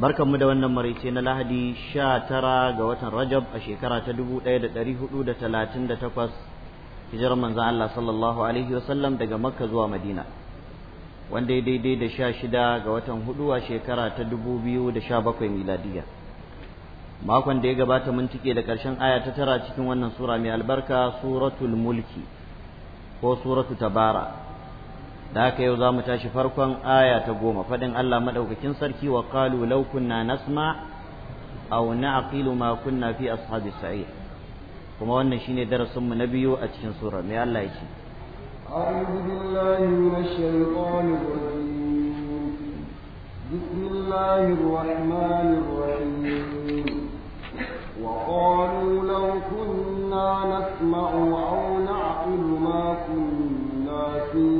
barkanmu da wannan marice na lahadi sha tara ga watan rajab a shekara ta dubu ɗaya da ɗari hudu da talatin da takwas hijirar manzan Allah sallallahu alaihi wasallam daga makka zuwa madina wanda ya daidai da sha shida ga watan hudu a shekara ta dubu biyu da sha bakwai miladiya makon da ya gabata mun tike da ƙarshen aya ta tara cikin wannan sura mai albarka suratul mulki ko suratu tabara da haka yau za mu tashi farkon aya ta goma faɗin Allah maɗaukakin sarki wa qalu law kunna nasma aw na'qilu ma kunna fi ashabis sa'ir kuma wannan shine darasin mu na biyu a cikin sura mai Allah yake أعوذ بالله من الشيطان الرجيم بسم الله الرحمن الرحيم وقالوا لو كنا نسمع أو نعقل ما كنا في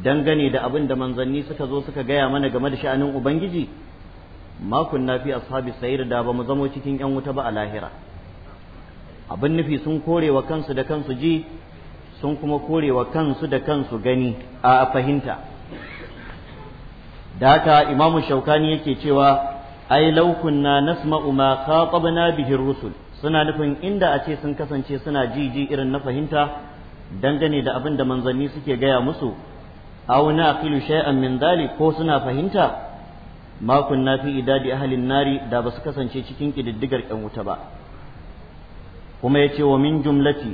dangane da abin da manzanni suka zo suka gaya mana game da sha'anin ubangiji makon na fi ashabi sayar da ba mu zamo cikin yan wuta ba a lahira abin nufi sun kore wa kansu da kansu ji sun kuma korewa kansu da kansu gani a fahimta da haka imamu shaukani yake cewa ai laukunna nasma'u ma khatabna bihi rusul suna nufin inda a ce sun kasance suna ji irin na fahimta dangane da abin da manzanni suke gaya musu aw naqilu shay'an min dhalik ko suna fahimta ma kunna fi idadi ahlin nari da basu kasance cikin kididdigar yan wuta ba kuma yace wa min jumlati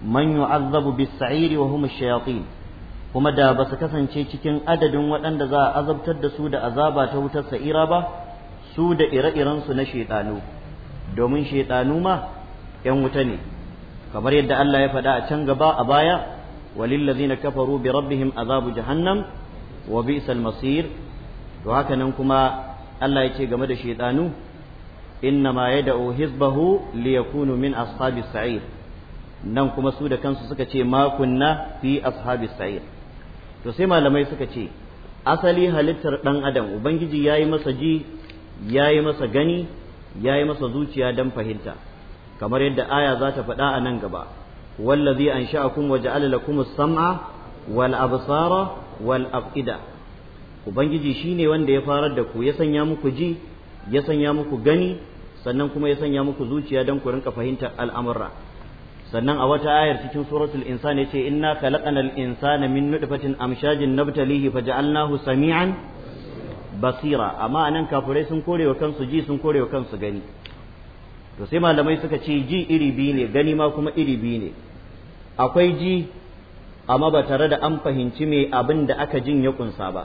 man yu'azzabu bis-sa'ir wa hum ash-shayatin kuma da basu kasance cikin adadin waɗanda za a azabtar da su da azaba ta wutar sa'ira ba su da ire-iren su na shaytanu domin shaytanu ma yan wuta ne kamar yadda Allah ya faɗa a can gaba a baya وللذين كفروا بربهم عذاب جهنم وبئس المصير وهكذا كما الله يتي game da shedanu innama yad'u hizbahu liyakunu min ashabis nan kuma su da kansu suka ce makunna fi Ashabi sa'ir to sai malamai suka ce asali halittar ɗan adam ubangiji yayi masa ji yi masa gani yayi masa zuciya dan fahimta kamar yadda aya za ta faɗa a nan gaba wallazi ansha wa ja'ala lakum as-sam'a wal absara wal afida ubangiji ne wanda ya farar da ku ya sanya muku ji ya sanya muku gani sannan kuma ya sanya muku zuciya don ku rinka fahimtar al'amurra sannan a wata ayar cikin suratul insan ce inna khalaqanal insana min nutfatin amshajin nabtalihi faja'alnahu sami'an basira amma anan kafirai sun korewa kansu ji sun korewa kansu gani to sai malamai suka ce ji iri biyu ne gani ma kuma iri biyu ne akwai ji amma ba tare da an fahimci me abin da aka jin ya kunsa ba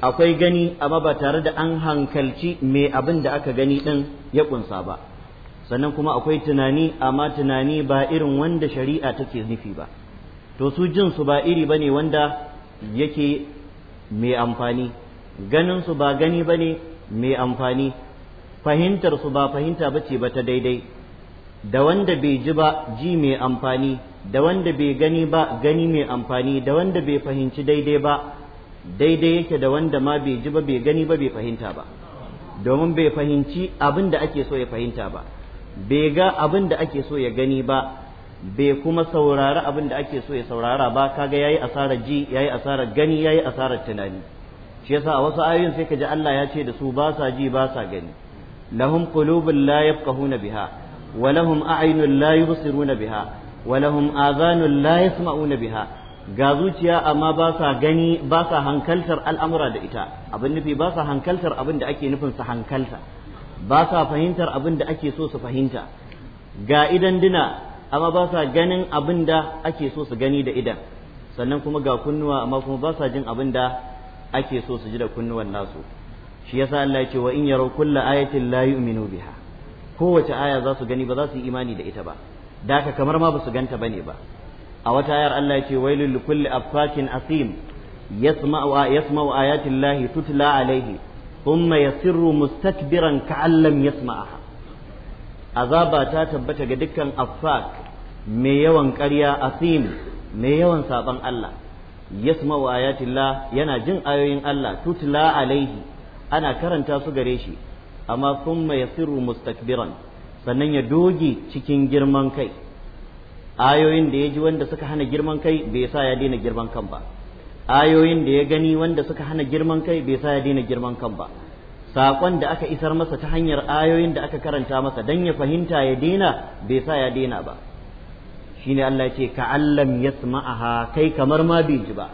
akwai gani amma ba tare da an hankalci me abin da aka gani din ya kunsa ba sannan kuma akwai tunani amma tunani ba irin wanda shari'a take nufi ba to su jin su ba iri bane wanda yake mai amfani ganin su ba gani bane mai amfani fahimtar su ba fahimta bace ba ta daidai da wanda bai ji ba ji mai amfani da wanda bai gani ba gani mai amfani da wanda bai fahimci daidai ba daidai yake da wanda ma bai ji ba bai gani ba bai fahimta ba domin bai fahimci abin da ake so ya fahimta ba bai ga abin da ake so ya gani ba bai kuma saurari abin da ake so ya saurara ba kaga yayi asarar ji yayi asarar gani yayi asarar tunani shi yasa a wasu ayoyin sai ka ji Allah ya ce da su ba sa ji ba sa gani lahum qulubun la yafqahuna biha wa lahum a'yunun la yubsiruna biha wa lahum adhanun la yasma'una biha ga zuciya amma ba sa hankaltar al'amura da ita abin nufi ba sa hankaltar abin da ake nufin hankalta ba sa fahimtar abin da ake so su fahimta ga idan dina amma ba sa ganin abin da ake so su gani da idan sannan kuma ga kunnuwa amma kuma ba sa jin abin da ake so su ji da kunnuwan nasu shi yasa Allah ya ce wa in yaraw kulla ayatin la yu'minu biha kowace aya za su gani ba za su yi imani da ita ba da haka kamar ma ba su ganta bane ba a wata ayar Allah ya ce wailul kulli affakin asim yasma'u yasma'u ayatin lahi tutla alaihi thumma yasirru mustakbiran ka'an lam yasma'aha azaba ta tabbata ga dukkan affak mai yawan ƙarya asim mai yawan saban Allah yasma'u ayatillah yana jin ayoyin Allah tutla alaihi ana karanta su gare shi amma sun mai sirru mustakbiran sannan ya doge cikin girman kai ayoyin da ya ji wanda suka hana girman kai bai sa ya daina girman kan ba ayoyin da ya gani wanda suka hana girman kai bai sa ya daina girman kan ba saƙon da aka isar masa ta hanyar ayoyin da aka karanta masa dan ya fahimta ya daina bai sa ya daina ba shine Allah ce ka allam yasma'aha kai kamar ma bai ji ba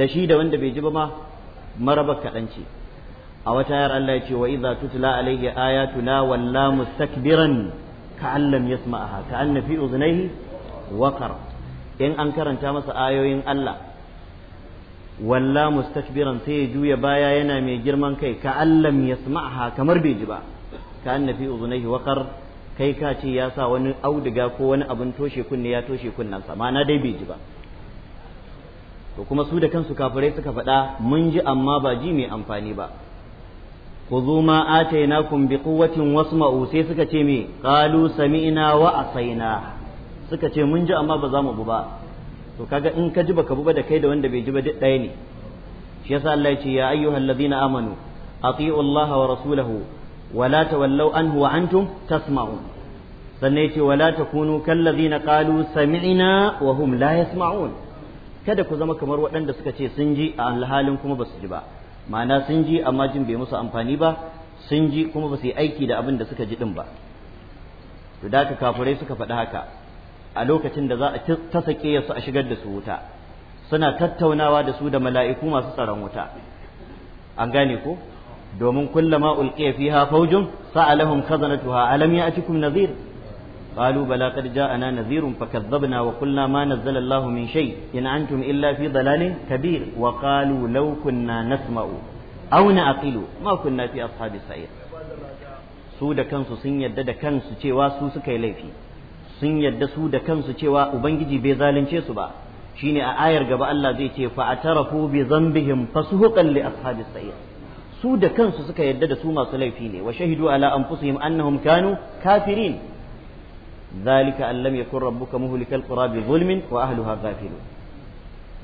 da shi da wanda bai ji ba ma maraba kaɗan ce a wata yar Allah ya ce wa idza tutla alayhi ayatuna walla mustakbiran ka'an lam yasma'aha ka'anna fi uznaihi waqar in an karanta masa ayoyin Allah walla mustakbiran sai ya juya baya yana mai girman kai ka'an lam yasma'aha kamar bai ji ba ka'anna fi uznaihi waqar kai ka ce ya sa wani auduga ko wani abin toshe kunne ya toshe kunnensa ma'ana dai bai ji ba to kuma su da kansu kafirai suka faɗa mun ji amma ba ji mai amfani ba khudhu ma atainakum biquwwatin wasma'u sai suka ce me qalu sami'na wa asaina suka ce mun ji amma ba za mu bu to kaga in ka ji baka bu ba da kai da wanda bai ji ba duk ne shi yasa Allah ya ce ya ayyuhal ladina amanu ati'u Allah wa rasulahu wa la tawallaw anhu wa antum tasma'un sannan yace wala takunu kallazina qalu sami'na wa hum la yasma'un kada ku zama kamar waɗanda suka ce sun ji a alhalin kuma basu ji ba ma'ana sun ji amma jin bai musu amfani ba sun ji kuma ba su yi aiki da abin da suka ji din ba to da kafurai suka faɗi haka a lokacin da za a ta sake su a shigar da su wuta suna tattaunawa da su da mala'iku masu tsaron wuta an gane ko domin kullama ulqiya fiha fawjun sa'alahum khazanatuha alam ya'tikum nadhir قالوا بلى قد جاءنا نذير فكذبنا وقلنا ما نزل الله من شيء إن أنتم إلا في ضلال كبير وقالوا لو كنا نسمع أو نعقل ما كنا في أصحاب السعير su da kansu sun yadda da kansu cewa su suka laifi sun yadda su da kansu cewa ubangiji bai zalunce su ba shine a ayar gaba Allah zai ce fa atarafu bi dhanbihim fasuhuqan li ashabis sa'ir su da kansu suka yadda da su masu laifi ne wa shahidu ala anfusihim annahum kanu kafirin zalika an lam yakun rabbuka muhlikal qura bi zulmin wa ahliha ghafilun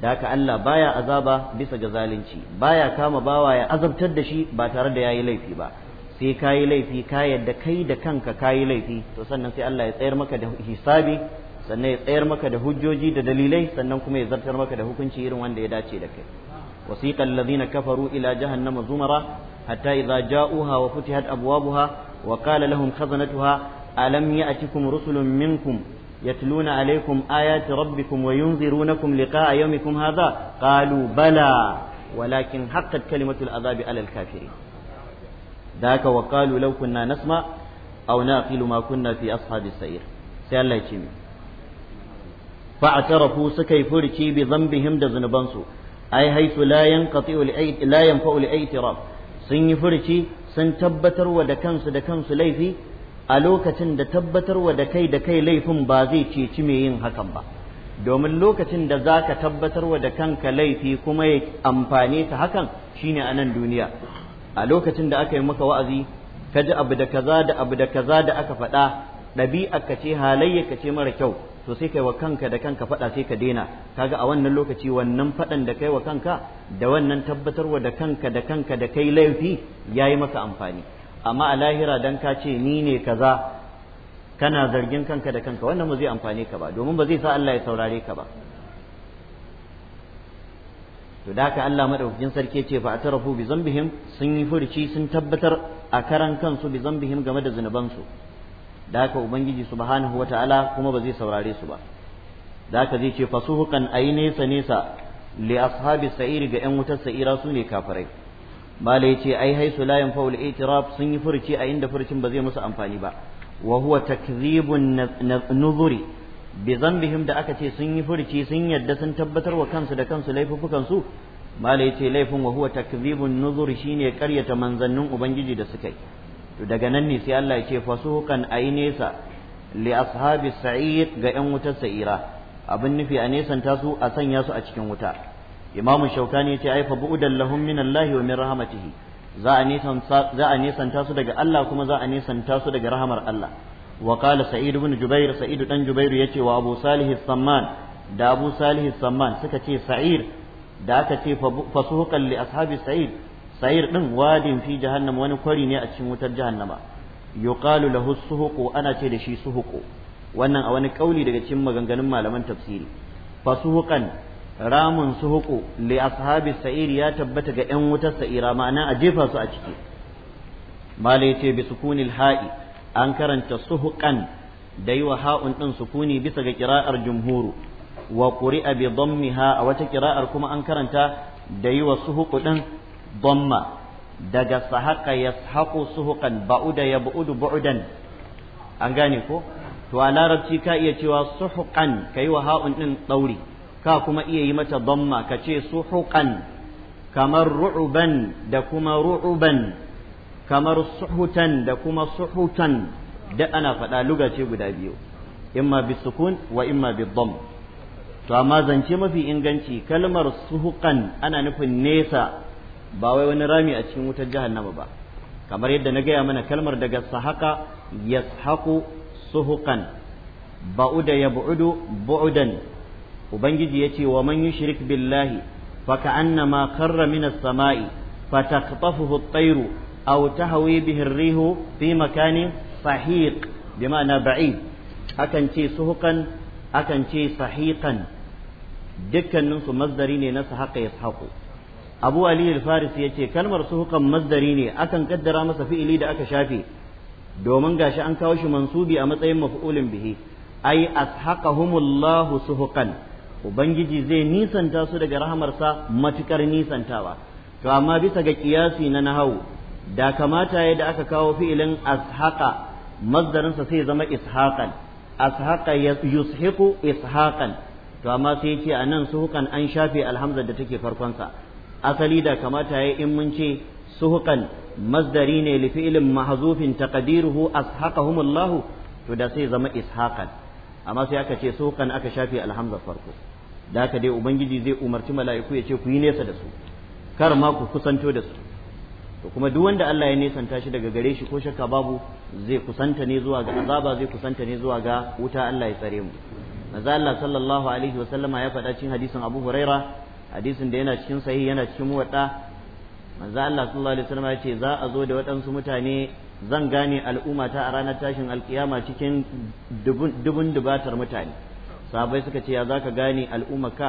da haka Allah baya azaba bisa ga zalunci baya kama bawa ya azabtar da shi ba tare da yayi laifi ba sai kayi laifi ka yadda kai da kanka kayi laifi to sannan sai Allah ya tsayar maka da hisabi sannan ya tsayar maka da hujjoji da dalilai sannan kuma ya zartar maka da hukunci irin wanda ya dace da kai wasiqa alladhina kafaru ila jahannama zumara hatta idza ja'uha wa futihat abwabuha wa qala lahum khazanatuha alam ya'tikum rusulun minkum يتلون عليكم آيات ربكم وينذرونكم لقاء يومكم هذا قالوا بلى ولكن حقت كلمة العذاب على الكافرين ذاك وقالوا لو كنا نسمع أو ناقل ما كنا في أصحاب السير سيالا يتشمي فاعترفوا سكي فرشي بذنبهم دزنبانسو أي حيث لا ينقطع لا ينفع لأي اعتراف sun yi furci sun tabbatar wa da kansu da kansu laifi a lokacin da tabbatarwa da kai da kai laifin ba zai ceci mai yin hakan ba domin lokacin da za ka tabbatarwa da kanka laifi kuma ya amfane ta hakan shine a nan duniya a lokacin da aka yi maka wa'azi ka ji abu da kaza da abu da kaza da aka faɗa ɗabi'a ka ce halayya ka ce mara kyau to sai kai wa kanka da kanka faɗa sai ka daina kaga a wannan lokaci wannan faɗan da kai wa kanka da wannan tabbatarwa da kanka da kanka da kai laifi ya yi maka amfani amma a lahira dan ka ce ni ne kaza kana zargin kanka da kanka wannan ba zai amfane ka ba domin ba zai sa Allah ya saurare ka ba to da haka Allah madaukakin sarki ce fa atarafu bi zambihim sun yi furci sun tabbatar a karan kansu bi zambihim game da zunubansu da haka ubangiji subhanahu wataala kuma ba zai saurare su ba da zai ce fasuhukan ayi nesa nesa li ashabi sa'iri ga yan wutar sa'ira su ne kafirai mala ce ai haisu la yanfa'u itiraf sun yi furci a inda furcin ba zai musu amfani ba wa huwa takdhibun nuzuri bi da aka ce sun yi furci sun yadda sun tabbatar wa kansu da kansu laifukan su mala ce laifin wa huwa takdhibun nuzuri shine karyata manzannin ubangiji da suka yi to daga nan ne sai Allah ya ce fasuhukan ai nesa li ashabi sa'id ga yan wutar sa'ira abin nufi a nesanta su a sanya su a cikin wuta imam shaukani yace ai fa bu'dan lahum min Allah wa min za a nisanta za a su daga Allah kuma za a nisanta su daga rahamar Allah wa qala sa'id ibn jubair sa'id dan jubair yace wa abu salih samman da abu salih samman suka ce sa'ir da aka ce fasuhuqan li ashabi sa'id sa'ir din wadin fi jahannam wani kwari ne a cikin wutar jahannama yuqalu lahu suhuqu ana ce da shi suhuqu wannan a wani kauli daga cikin maganganun malaman tafsiri fasuhuqan ramun suhuku li ashabi sa'ir ya tabbata ga yan wutar sa'ira ma'ana a jefa su a ciki malai ce bi sukunil ha'i an karanta suhuqan da yi wa ha'un din sukuni bisa ga kira'ar jumhuru wa quri'a bi dammiha a wata kira'ar kuma an karanta da yi wa suhuqu din damma daga sahaqa yashaqu suhuqan ba'uda yab'udu bu'dan an gane ko to a larabci ka iya cewa suhuqan kai wa ha'un din dauri ka kuma iya yi mata damma ka ce suhuqan kamar ru'uban da kuma ru'uban kamar suhutan da kuma suhutan da ana faɗa lugace guda biyu imma sukun wa imma bidam to amma zance mafi inganci kalmar suhuqan ana nufin nesa ba wai wani rami a cikin wutar jahannama ba kamar yadda na gaya mana kalmar daga sahaka yashaku suhuqan ba'uda ya bu'udu bu'udan ubangiji yace wa man shirik billahi fa ka'annama kharra minas sama'i fataqtafuhu at-tayru aw tahwi bihi ar-rihu fi makanin sahiq bima'ana ba'id akan ce suhukan akan ce sahiqan dukkanin su masdari ne na ya yashaku abu ali al ya yace kalmar suhukan masdari ne akan kaddara masa fi'ili da aka shafe domin gashi an kawo shi mansubi a matsayin maf'ulin bihi ai ashaqahumullahu suhukan ubangiji zai nisanta su daga rahamarsa matukar nisantawa to amma bisa ga kiyasi na nahawu da kamata ya da aka kawo fi'ilin ashaqa mazdarinsa sai zama ishaqan ashaqa yushiqu ishaqan to amma sai ya a nan suhukan an shafe alhamza da take farkonsa asali da kamata ya in mun ce suhukan masdari ne li fi'ilin mahzufin taqdiruhu ashaqahumullahu to da sai zama ishaqan amma sai aka ce suhukan aka shafe alhamza farko da haka dai ubangiji zai umarci mala'iku ya ce ku yi nesa da su kar ma ku kusanto da su to kuma duk wanda Allah ya nesanta shi daga gare shi ko shakka babu zai kusanta ne zuwa ga azaba zai kusanta ne zuwa ga wuta Allah ya tsare mu manzo Allah sallallahu alaihi wa sallama ya faɗa cikin hadisin Abu Huraira hadisin da yana cikin sahihi yana cikin muwatta manzo Allah sallallahu alaihi wa sallama ya ce za a zo da waɗansu mutane zan gane al'umma ta a ranar tashin alkiyama cikin dubun dubatar mutane sahabbai suka ce ya zaka gane al'ummaka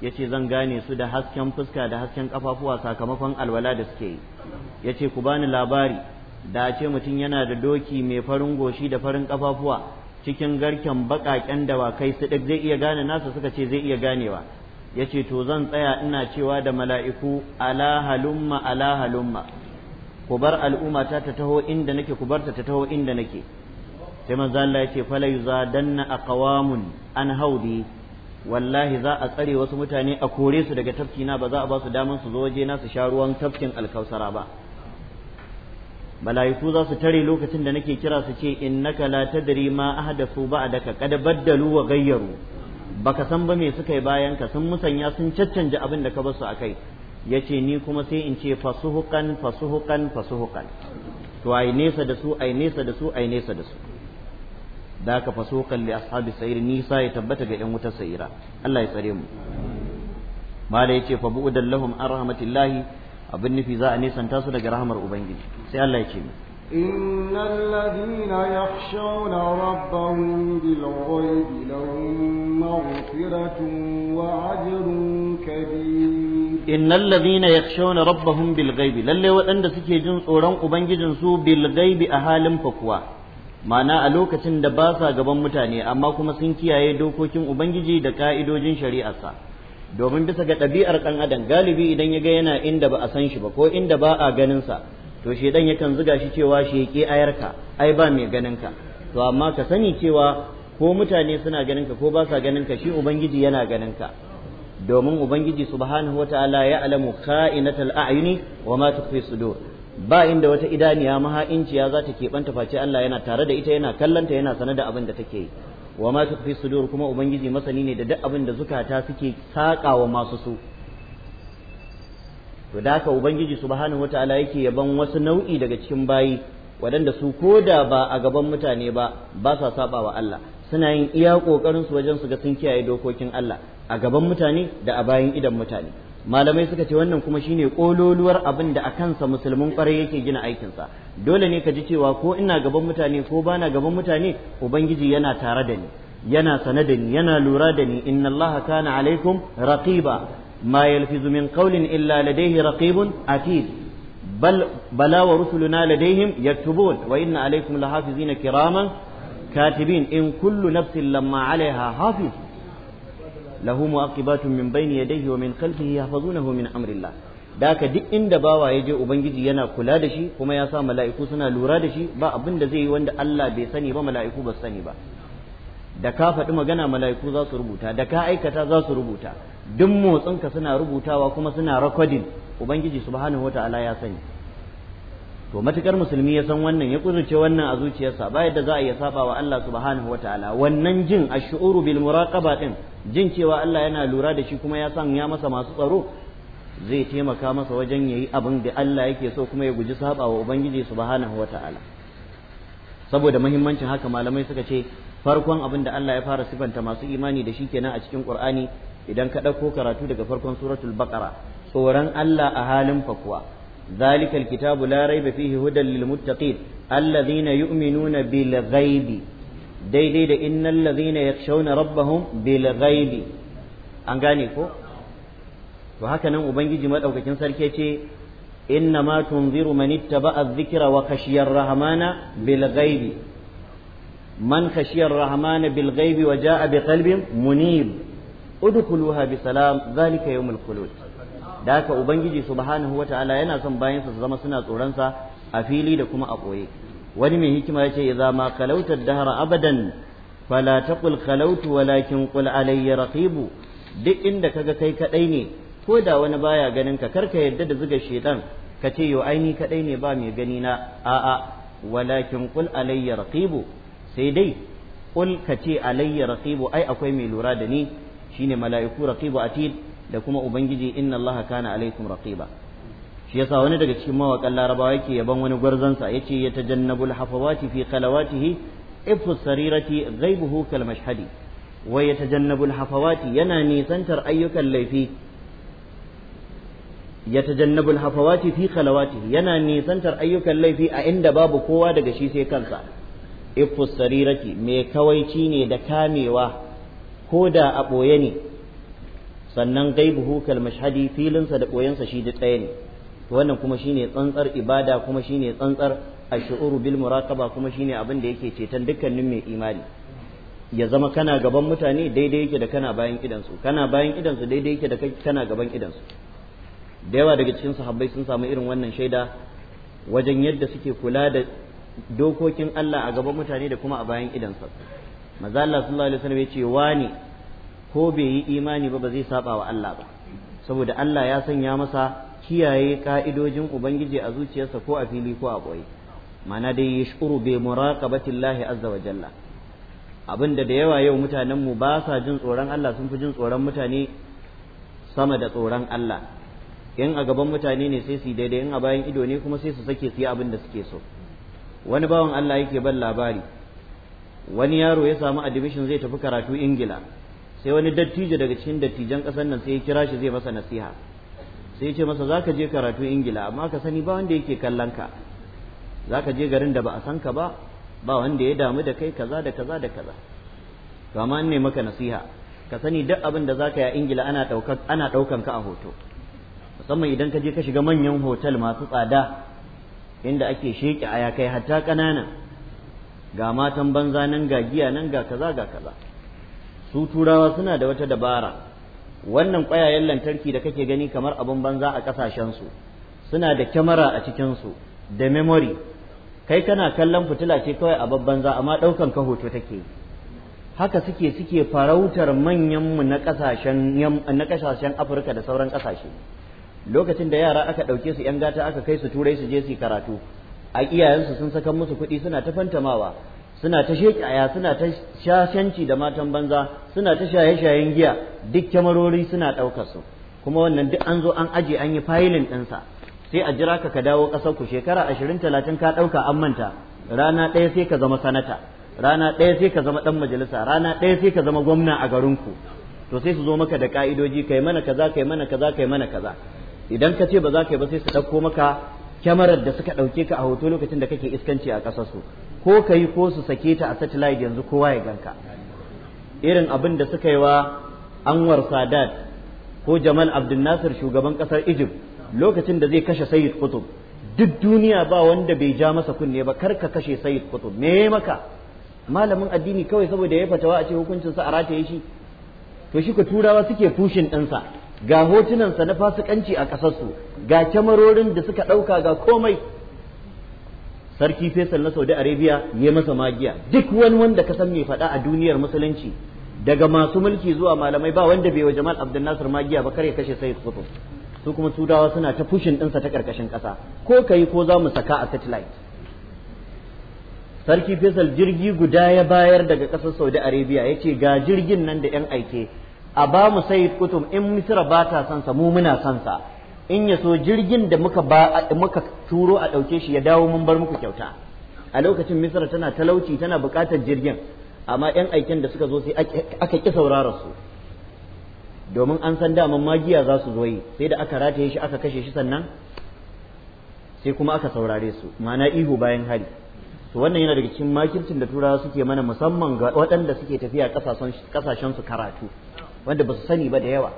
yace zan gane su da hasken fuska da hasken kafafuwa sakamakon alwala da suke yi yace ku bani labari da ce mutum yana da doki mai farin goshi da farin kafafuwa cikin garken baƙaƙen dawakai su zai iya gane nasa suka ce zai iya ganewa yace to zan tsaya ina cewa da mala'iku ala halumma ala halumma ku bar al'ummata ta taho inda nake ku barta ta taho inda nake sai manzo Allah ya ce fala yuzadanna aqwamun an haudi wallahi za a tsare wasu mutane a kore su daga tafki na ba za a ba su daman su zo waje na su sha ruwan tafkin alkausara ba mala'iku za su tare lokacin da nake kira su ce innaka la tadri ma ahdathu ba'daka qad baddalu wa ghayyaru baka san ba me suka yi bayan ka sun musanya sun caccanja abin da ka bar su akai yace ni kuma sai in ce fasuhukan fasuhukan fasuhukan to ai nesa da su ai nesa da su ai nesa da su da ka faso kalli ashabi sa'ir nisa ya tabbata ga 'yan wutar sa'ira Allah ya tsare mu mala yace fa bu'udan lahum an rahmatillahi abin nufi za a nisanta su daga rahmar ubangiji sai Allah ya ce mu إن الذين يخشون ربهم بالغيب لهم مغفرة وأجر كبير إن الذين يخشون ربهم بالغيب suke jin tsoron جنس أوران أبنجي جنسو بالغيب أهالم فكوا ma'ana a lokacin da ba sa gaban mutane amma kuma sun kiyaye dokokin ubangiji da ka'idojin shari'arsa domin bisa ga ɗabi'ar ɗan adam galibi idan ya ga yana inda ba a san shi ba ko inda ba a ganin sa to dan yakan zuga shi cewa shi ke ayarka ai ba mai ganin ka to amma ka sani cewa ko mutane suna ganin ka ko ba sa ganin ka shi ubangiji yana ganin ka domin ubangiji subhanahu wataala ya alamu ka'inatal a'yuni wa ma tukhfi sudur ba inda wata idaniya maha'inciya za ta keɓanta face Allah yana tare da ita yana kallanta yana sanar da abin da take yi wa ma tukfi sudur kuma ubangiji masani ne da duk abin da zukata suke saƙa wa masu su to da haka ubangiji subhanahu wataala yake yaban wasu nau'i daga cikin bayi waɗanda su ko da ba a gaban mutane ba ba sa saba wa Allah suna yin iya ƙoƙarin su wajen su ga sun kiyaye dokokin Allah a gaban mutane da a bayan idan mutane malamai suka ce wannan kuma shine kololuwar abin da a kansa musulmin kwarai yake gina aikinsa dole ne ka ji cewa ko ina gaban mutane ko bana gaban mutane ubangiji yana tare da ni yana sane da ni yana lura da ni inna allaha kana alaikum raqiba ma yalfizu min qawlin illa ladayhi raqibun atid bal bala wa rusuluna ladayhim yaktubun wa inna alaikum lahafizina kiraman katibin in kullu nafsin lamma alaiha hafiz lahu mu'aqibatun min bayni yadayhi wa min khalfihi yahfazunahu min amrillah da haka duk inda bawa ya je ubangiji yana kula da shi kuma ya sa mala'iku suna lura da shi ba abin da zai yi wanda Allah bai sani ba mala'iku ba sani ba da ka faɗi magana mala'iku za su rubuta da ka aikata za su rubuta duk motsinka suna rubutawa kuma suna rakodin ubangiji subhanahu wata'ala ya sani to matukar musulmi ya san wannan ya kuzuce wannan a zuciyarsa ba yadda za a iya saba wa Allah subhanahu wa ta'ala, wannan jin ash-shu'uru bil muraqaba din jin cewa Allah yana lura da shi kuma ya san ya masa masu tsaro zai taimaka masa wajen yayi abin da Allah yake so kuma ya guji saba wa ubangiji subhanahu wa ta'ala. saboda muhimmancin haka malamai suka ce farkon abin da Allah ya fara sifanta masu imani da shi kenan a cikin Qur'ani idan ka ɗauko karatu daga farkon suratul baqara tsoron Allah a halin fakuwa ذلك الكتاب لا ريب فيه هدى للمتقين الذين يؤمنون بالغيب daidai da innal ladhina yakhshawna rabbahum bil ghaibi an gane ko to haka nan ubangiji madaukakin sarki ce inna ma tunziru man ittaba'a adh-dhikra wa khashiyar rahmana bil ghaibi man kashiyar rahmana bil ghaibi wa jaa'a bi qalbin munib udkhuluha bi salam dhalika yawmul khulud da haka ubangiji subhanahu wata'ala yana son sa su zama suna tsoronsa a fili da kuma a koye wani mai hikima ya ce idza ma kalautar dahar abadan fala taqul kalautu walakin qul alayya raqibu duk inda kaga kai kadai ne ko da wani baya ganin ka karka yadda da zuga shedan ka ce yo aini kadai ne ba mai gani na a'a walakin qul alayya raqibu sai dai qul ka ce alayya raqibu ai akwai mai lura da ni shine mala'iku raqibu atid da kuma ubangiji inna allaha kana alaikum raqiba shi yasa wani daga cikin mawakan larabawa yake yaban wani gwarzansa yace ya tajannabul hafawati fi qalawatihi ifu sarirati ghaibuhu kal mashhadi wa yatajannabul hafawati yana nisantar ayyukan laifi yatajannabul hafawati fi qalawatihi yana nisantar ayyukan laifi a inda babu kowa daga shi sai kansa ifu sarirati mai kawaici ne da kamewa ko da a ɓoye ne sannan gaibuhu kal mashhadi filinsa da koyansa shi da tsaye ne wannan kuma shine tsantsar ibada kuma shine tsantsar ashuru bil muraqaba kuma shine abin da yake ceton dukkanin mai imani ya zama kana gaban mutane daidai yake da kana bayan idansu kana bayan idansu daidai yake da kana gaban idansu da yawa daga cikin sahabbai sun samu irin wannan shaida wajen yadda suke kula da dokokin Allah a gaban mutane da kuma a bayan idansa maza Allah sallallahu alaihi wasallam ya ce wani ko bai yi imani ba ba zai saba wa Allah ba saboda Allah ya sanya masa kiyaye ka'idojin ubangiji a zuciyarsa ko a fili ko a boye mana dai yashkuru bi muraqabatillahi azza wa jalla abinda da yawa yau mutanen mu ba sa jin tsoron Allah sun fi jin tsoron mutane sama da tsoron Allah in a gaban mutane ne sai su daidai in a bayan ido ne kuma sai su sake su yi abin da suke so wani bawan Allah yake ban labari wani yaro ya samu admission zai tafi karatu Ingila sai wani dattijo daga cikin dattijan ƙasar nan sai ya kira shi zai masa nasiha sai ya ce masa za ka je karatu ingila amma ka sani ba wanda yake kallon ka za ka je garin da ba a san ka ba ba wanda ya damu da kai kaza da kaza da kaza to amma ne maka nasiha ka sani duk abin da za ka yi a ingila ana ɗaukan ana ɗaukan ka a hoto musamman idan ka je ka shiga manyan hotel masu tsada inda ake sheƙi a kai hatta ƙanana ga matan banza nan ga giya nan ga kaza ga kaza su turawa suna da wata dabara wannan ƙwayayen lantarki da kake gani kamar abin banza a ƙasashensu suna da kyamara a cikinsu da memory kai kana kallon fitila ce kawai a babban za amma ɗaukan ka hoto take haka suke suke farautar manyanmu na ƙasashen na ƙasashen afirka da sauran ƙasashe lokacin da yara aka ɗauke su yan gata aka kai su turai su je su karatu a iyayensu sun saka musu kuɗi suna ta fantamawa suna ta sheƙaya suna ta shashanci da matan banza suna ta shaye-shayen giya duk kyamarori suna ɗaukar su kuma wannan duk an zo an aje an yi fayilin ɗinsa sai a jira ka ka dawo ƙasar ku shekara ashirin talatin ka ɗauka an manta rana ɗaya sai ka zama sanata rana ɗaya sai ka zama ɗan majalisa rana ɗaya sai ka zama gwamna a garinku to sai su zo maka da ka'idoji kai mana kaza kai mana kaza kai mana kaza idan ka ce ba za ka yi ba sai su ɗauko maka kyamarar da suka ɗauke ka a hoto lokacin da kake iskanci a ƙasar su. ko ka yi ko su sake ta a satellite yanzu kowa ya ganka irin abin da suka yi wa anwar sadat ko jamal abdul nasir shugaban kasar egypt lokacin da zai kashe sayid kutub duk duniya ba wanda bai ja masa kunne ba kar ka kashe sayid kutub me maka malamin addini kawai saboda ya fatawa a ce hukuncinsa a rataye shi to shi ku turawa suke fushin ɗansa ga hotunansa na fasikanci a ƙasarsu ga kyamarorin da suka ɗauka ga komai sarki Faisal na Saudi Arabia ya masa magiya duk wani wanda ka san mai faɗa a duniyar musulunci daga masu mulki zuwa malamai ba wanda bai wa Jamal Abdul Nasir magiya ba kare kashe sai kutub su kuma Sudawa suna ta fushin ɗinsa ta ƙarƙashin ƙasa ko kai ko za mu saka a satellite sarki Faisal jirgi guda ya bayar daga ƙasar Saudi Arabia ya ce ga jirgin nan da 'yan aike a ba mu Sayyid kutum in Misira ba ta sansa mu muna sansa in ya so jirgin da muka ba muka turo a ɗauke shi ya dawo mun bar muku kyauta a lokacin misra tana talauci tana buƙatar jirgin amma yan aikin da suka zo sai aka ƙi saurara su domin an san daman magiya za su zo yi sai da aka rataye shi aka kashe shi sannan sai kuma aka saurare su ma'ana ihu bayan hari to wannan yana daga cikin makircin da turawa suke mana musamman ga waɗanda suke tafiya ƙasashen su karatu wanda ba su sani ba da yawa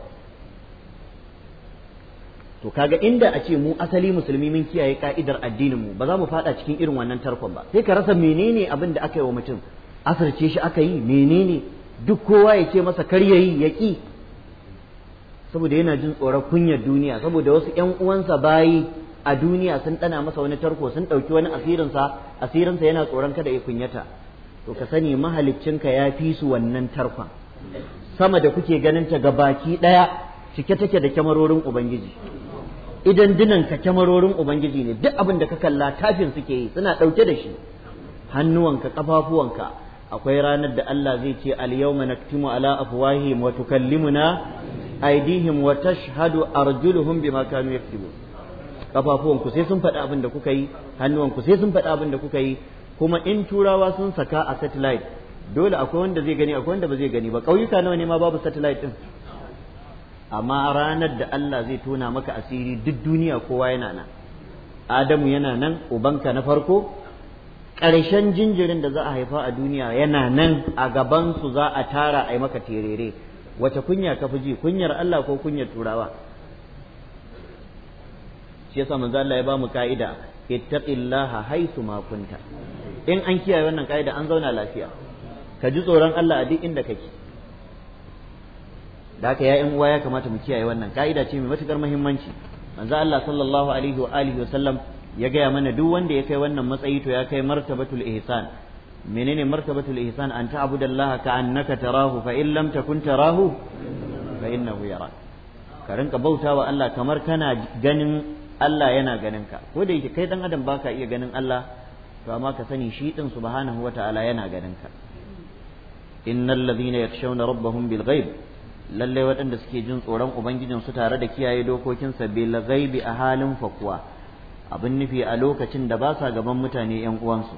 to kaga inda a ce mu asali musulmi mun kiyaye ka'idar addinin mu ba za mu fada cikin irin wannan tarkon ba sai ka rasa menene abin da aka yi wa mutum asirce shi aka yi menene duk kowa ya ce masa kar yayi ya ki saboda yana jin tsoron kunyar duniya saboda wasu ƴan uwansa bayi a duniya sun ɗana masa wani tarko sun ɗauki wani asirinsa asirinsa yana tsoron kada ya kunyata to ka sani mahaliccinka ya fi su wannan tarkon sama da kuke ganin ta ga baki ɗaya cike take da kyamarorin ubangiji idan dinanka kyamarorin ubangiji ne duk abin da ka kalla tafin suke yi suna ɗauke da shi hannuwanka ƙafafuwanka akwai ranar da Allah zai ce al-yawma naktimu ala afwahihim wa tukallimuna aydihim wa tashhadu arjuluhum bima kanu yaktubun kafafuwanku sai sun faɗi abin da kuka yi hannuwanku sai sun faɗi abin da kuka yi kuma in turawa sun saka a satellite dole akwai wanda zai gani akwai wanda ba zai gani ba ƙauyuka nawa ne ma babu satellite din amma ranar da Allah zai tona maka asiri duk duniya kowa yana nan Adamu yana nan ubanka na farko ƙarshen jinjirin da za a haifa a duniya yana nan a gabansu za a tara a yi maka terere wace kunya ka fi ji kunyar Allah ko kunyar turawa shi yasa manzo Allah ya ba mu ka'ida ittaqillaha haythu ma kunta in an kiyaye wannan ka'ida an zauna lafiya ka ji tsoron Allah a duk inda kake da haka ya uwa ya kamata mu kiyaye wannan ka'ida ce mai matukar muhimmanci manzo Allah sallallahu alaihi wa alihi wa sallam ya gaya mana duk wanda ya kai wannan matsayi to ya kai martabatul ihsan menene martabatul ihsan an ta'budallaha ka annaka tarahu fa in lam takun tarahu fa innahu yarak ka rinka wa Allah kamar kana ganin Allah yana ganin ka ko da yake kai dan adam baka iya ganin Allah to amma ka sani shi din subhanahu wataala yana ganin ka innal ladhina yakhshawna rabbahum bil ghaib Lallai waɗanda suke jin tsoron ubangijin su tare da kiyaye dokokin bil ghaibi a halin fakuwa abin nufi a lokacin da ba sa gaban mutane yan uwansu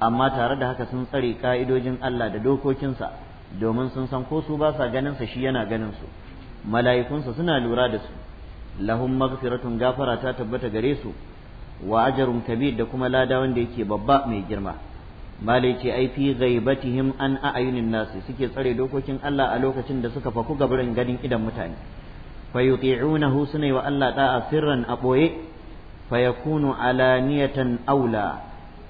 amma tare da haka sun tsare ka'idojin Allah da dokokinsa domin sun san ko su ba sa ganin sa shi yana ganin su mala'ikunsa suna lura da su lahum maghfiratun gafara ta tabbata gare su wa ajrun kabir da kuma lada wanda yake babba mai girma malai ce ai fi ghaibatihim an a'yunin nasi suke tsare dokokin Allah a lokacin da suka faku gabarin ganin idan mutane fa yuti'unahu sunai wa Allah da'a sirran a boye fa yakunu alaniyatan aula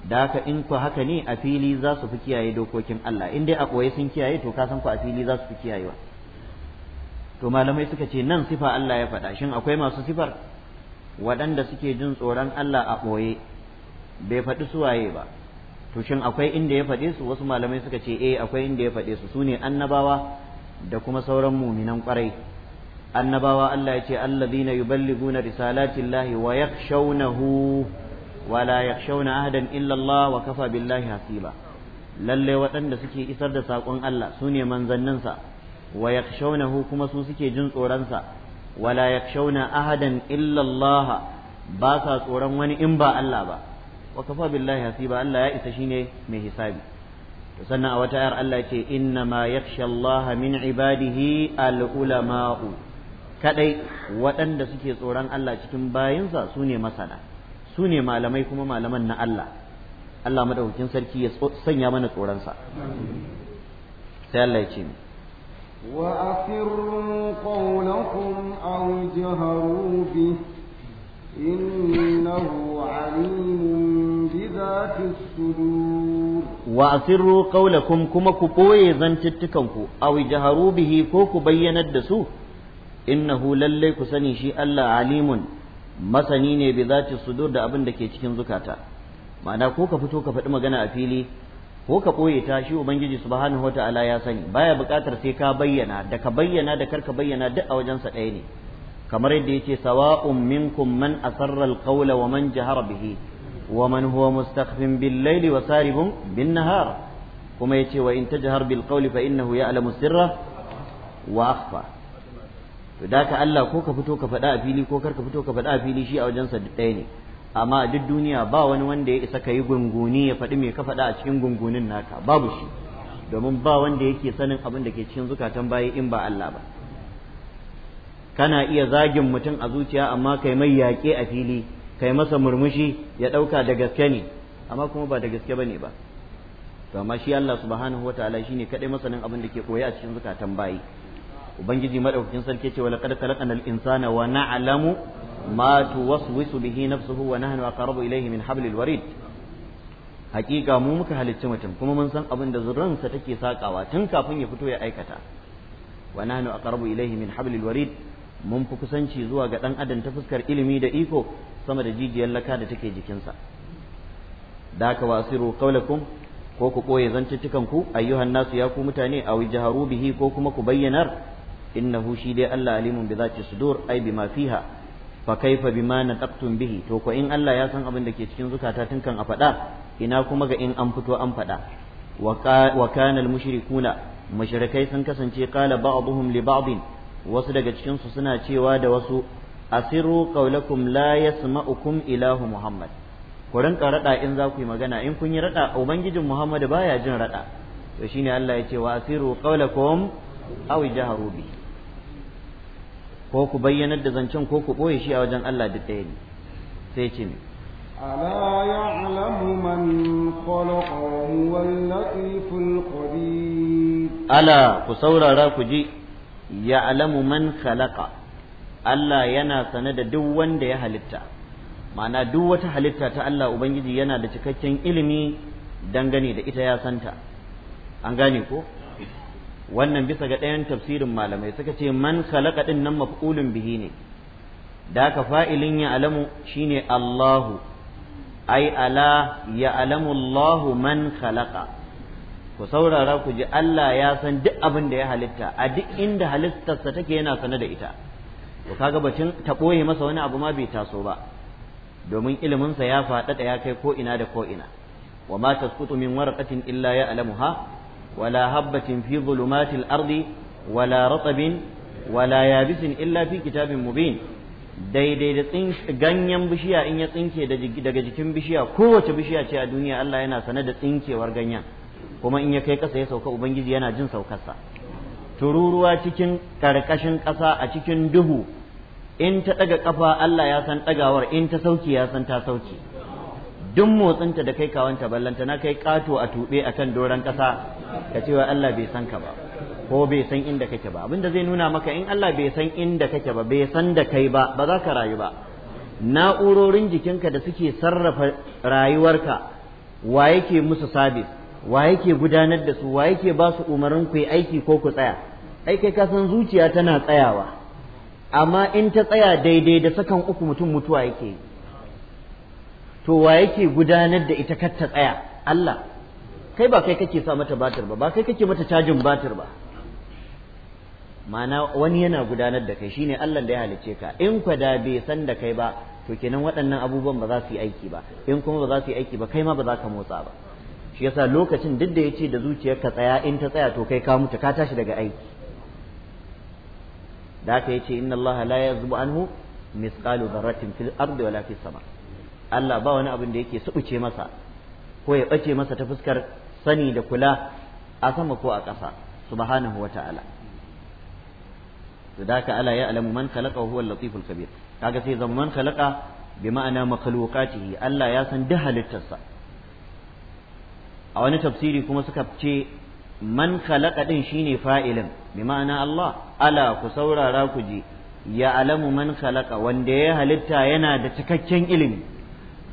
da haka in ku haka ne a fili za su fi kiyaye dokokin Allah in dai a boye sun kiyaye to ka san ku a fili za su fi kiyayewa to malamai suka ce nan sifa Allah ya faɗa shin akwai masu sifar waɗanda suke jin tsoron Allah a ɓoye bai faɗi suwaye ba to shin akwai inda ya faɗe su wasu malamai suka ce eh akwai inda ya faɗe su sune annabawa da kuma sauran muminan kwarai annabawa Allah ya ce allazina yuballiguna risalatillahi wa yakhshawnahu wa la yakhshawna ahadan illa Allah wa kafa billahi hasiba lalle waɗanda suke isar da saƙon Allah sune manzanninsa wa yakhshawnahu kuma su suke jin tsoronsa wa la yakhshawna ahadan illa Allah ba sa tsoron wani in ba Allah ba wa kafa billahi hasiba Allah ya isa shine mai hisabi to sannan a wata ayar Allah ce inna ma yakhsha Allah min ibadihi al ulama'u kadai waɗanda suke tsoron Allah cikin bayinsa su ne masana su ne malamai kuma malaman na Allah Allah madaukakin sarki ya sanya mana tsoronsa sai Allah ya ce وأسروا قولكم أو جهروا به إنه عليم kuma ku ذات الصدور وأسروا قولكم كما كبوي زنتتكنكو da جهروا به كوكو ku الدسو shi للي كسني masani ne عليم مسنين بذات da abin da ke cikin zukata, ma'ana ko ka fito ka faɗi magana a fili ko ka ɓoye ta shi ubangiji subhanahu wata'ala ya sani baya buƙatar sai ka bayyana da ka bayyana da kar ka bayyana duk a wajen sa ɗaya ne kamar yadda yace sawa'un minkum man asarra alqawla wa man jahara bihi ومن هو مستخف بالليل وسارب بالنهار كما يتي وإن تجهر بالقول فإنه يعلم السر وأخفى فذاك الله كوكا فتوكا فدا فيلي كوكا فتوكا فدا فيلي شيء أو جنس الدين أما دي الدنيا ba wani wanda ya isa ka yi gunguni ya faɗi me ka faɗa a cikin gungunin naka babu shi domin ba wanda yake sanin abin da ke cikin zukatan bayi in ba Allah ba kana iya zagin mutum a zuciya amma kai mai yaƙe a fili kai masa murmushi ya ɗauka da gaske ne amma kuma ba da gaske bane ba to amma shi Allah subhanahu wataala shine kadai masanin abin da ke koya a cikin zakatan bayi ubangiji madaukakin sarki ce walaqad khalaqana al-insana wa na'lamu ma tuwaswisu bihi nafsuhu wa nahnu aqrabu ilayhi min hablil warid hakika mu muka halicci mutum kuma mun san abin da zurransa take sakawa tun kafin ya fito ya aikata wa nahnu aqrabu ilayhi min hablil warid mun fi kusanci zuwa ga dan adam ta fuskar ilimi da iko sama da jijiyar laka da take jikinsa da haka wasiru qaulakum ko ku koye zantuttukan ku ayyuhan nasu ya ku mutane a wajaharu bihi ko kuma ku bayyanar innahu shi dai Allah alimun bi zati sudur ai bima fiha fa kaifa bima nataqtum bihi to ko in Allah ya san abin da ke cikin zukata tun kan a faɗa ina kuma ga in an fito an faɗa wa kana al mushrikuna mushrikai sun kasance qala ba'dhum li wasu daga cikin su suna cewa da wasu asiru qaulakum la yasma'ukum ilahu muhammad ku rinka rada in za ku yi magana in kun yi rada ubangijin muhammad baya jin rada to shine Allah ya ce wa asiru qaulakum aw jaharu bi ko ku bayyanar da zancen ko ku boye shi a wajen Allah duk ɗaya ne sai ce ne ألا يعلم من خلق وهو اللطيف الخبير ألا كسورة راكجي يعلم من خلق Allah yana sane da duk wanda ya halitta ma'ana duk wata halitta ta Allah Ubangiji yana da cikakken ilimi dangane da ita ya santa an gane ko wannan bisa ga ɗayan tafsirin malamai suka ce man khalaqa din nan maf'ulun bihi ne da ka fa'ilin ya alamu shine Allahu ai ala ya alamu Allahu man khalaqa ku saurara ku ji Allah ya san duk abin da ya halitta a duk inda halittarsa take yana sane da ita to kaga batun ta ɓoye masa wani abu ma bai taso ba domin iliminsa ya faɗaɗa ya kai ko ina da ko ina wa ma tasqutu min waraqatin illa ya'lamuha wala habbatin fi dhulumatil ardi wala ratabin wala yabisin illa fi kitabin mubin daidai da ganyen bishiya in ya tsinke daga jikin bishiya kowace bishiya ce a duniya Allah yana sane da tsinkewar ganyen kuma in ya kai kasa ya sauka ubangiji yana jin saukarsa tururuwa cikin karkashin ƙasa a cikin duhu in ta ɗaga ƙafa Allah ya san ɗagawar in ta sauki ya san ta sauki duk motsinta da kai kawanta ballanta na kai ƙato a tuɓe akan kan doron ƙasa ka cewa Allah bai san ka ba ko bai san inda kake ba abinda zai nuna maka in Allah bai san inda kake ba bai san da kai ba ba za ka rayu ba na'urorin jikinka da suke sarrafa rayuwarka wa yake musu sabis wa yake gudanar da su wa yake ba su umarnin ku yi aiki ko ku tsaya ai kai ka san zuciya tana tsayawa amma in ta tsaya daidai da sakan uku mutum mutuwa yake to wa yake gudanar da ita kar ta tsaya Allah kai ba kai kake sa mata batir ba ba kai kake mata cajin batir ba ma'ana wani yana gudanar da kai shine Allah da ya halicce ka in kwa da bai san da kai ba to kenan waɗannan abubuwan ba za su yi aiki ba in kuma ba za su yi aiki ba kai ma ba za ka motsa ba shi yasa lokacin duk da yace da zuciyarka tsaya in ta tsaya to kai ka mutu ka tashi daga aiki da haka yace inna allaha la yazbu anhu misqalu dharratin fil ardi wala fis sama Allah ba wani abin da yake subuce masa ko ya bace masa ta fuskar sani da kula a sama ko a ƙasa subhanahu wa ta'ala da haka ala ya alamu man khalaqa huwa al-latiful kabir kaga sai zama man khalaqa bi ma'ana makhluqatihi Allah ya san duk halittarsa a wani tafsiri kuma suka ce man khalaqa din shine fa'ilin bi ma'ana Allah ala ku saurara ku ji ya alamu man khalaqa wanda ya halitta yana da cikakken ilimi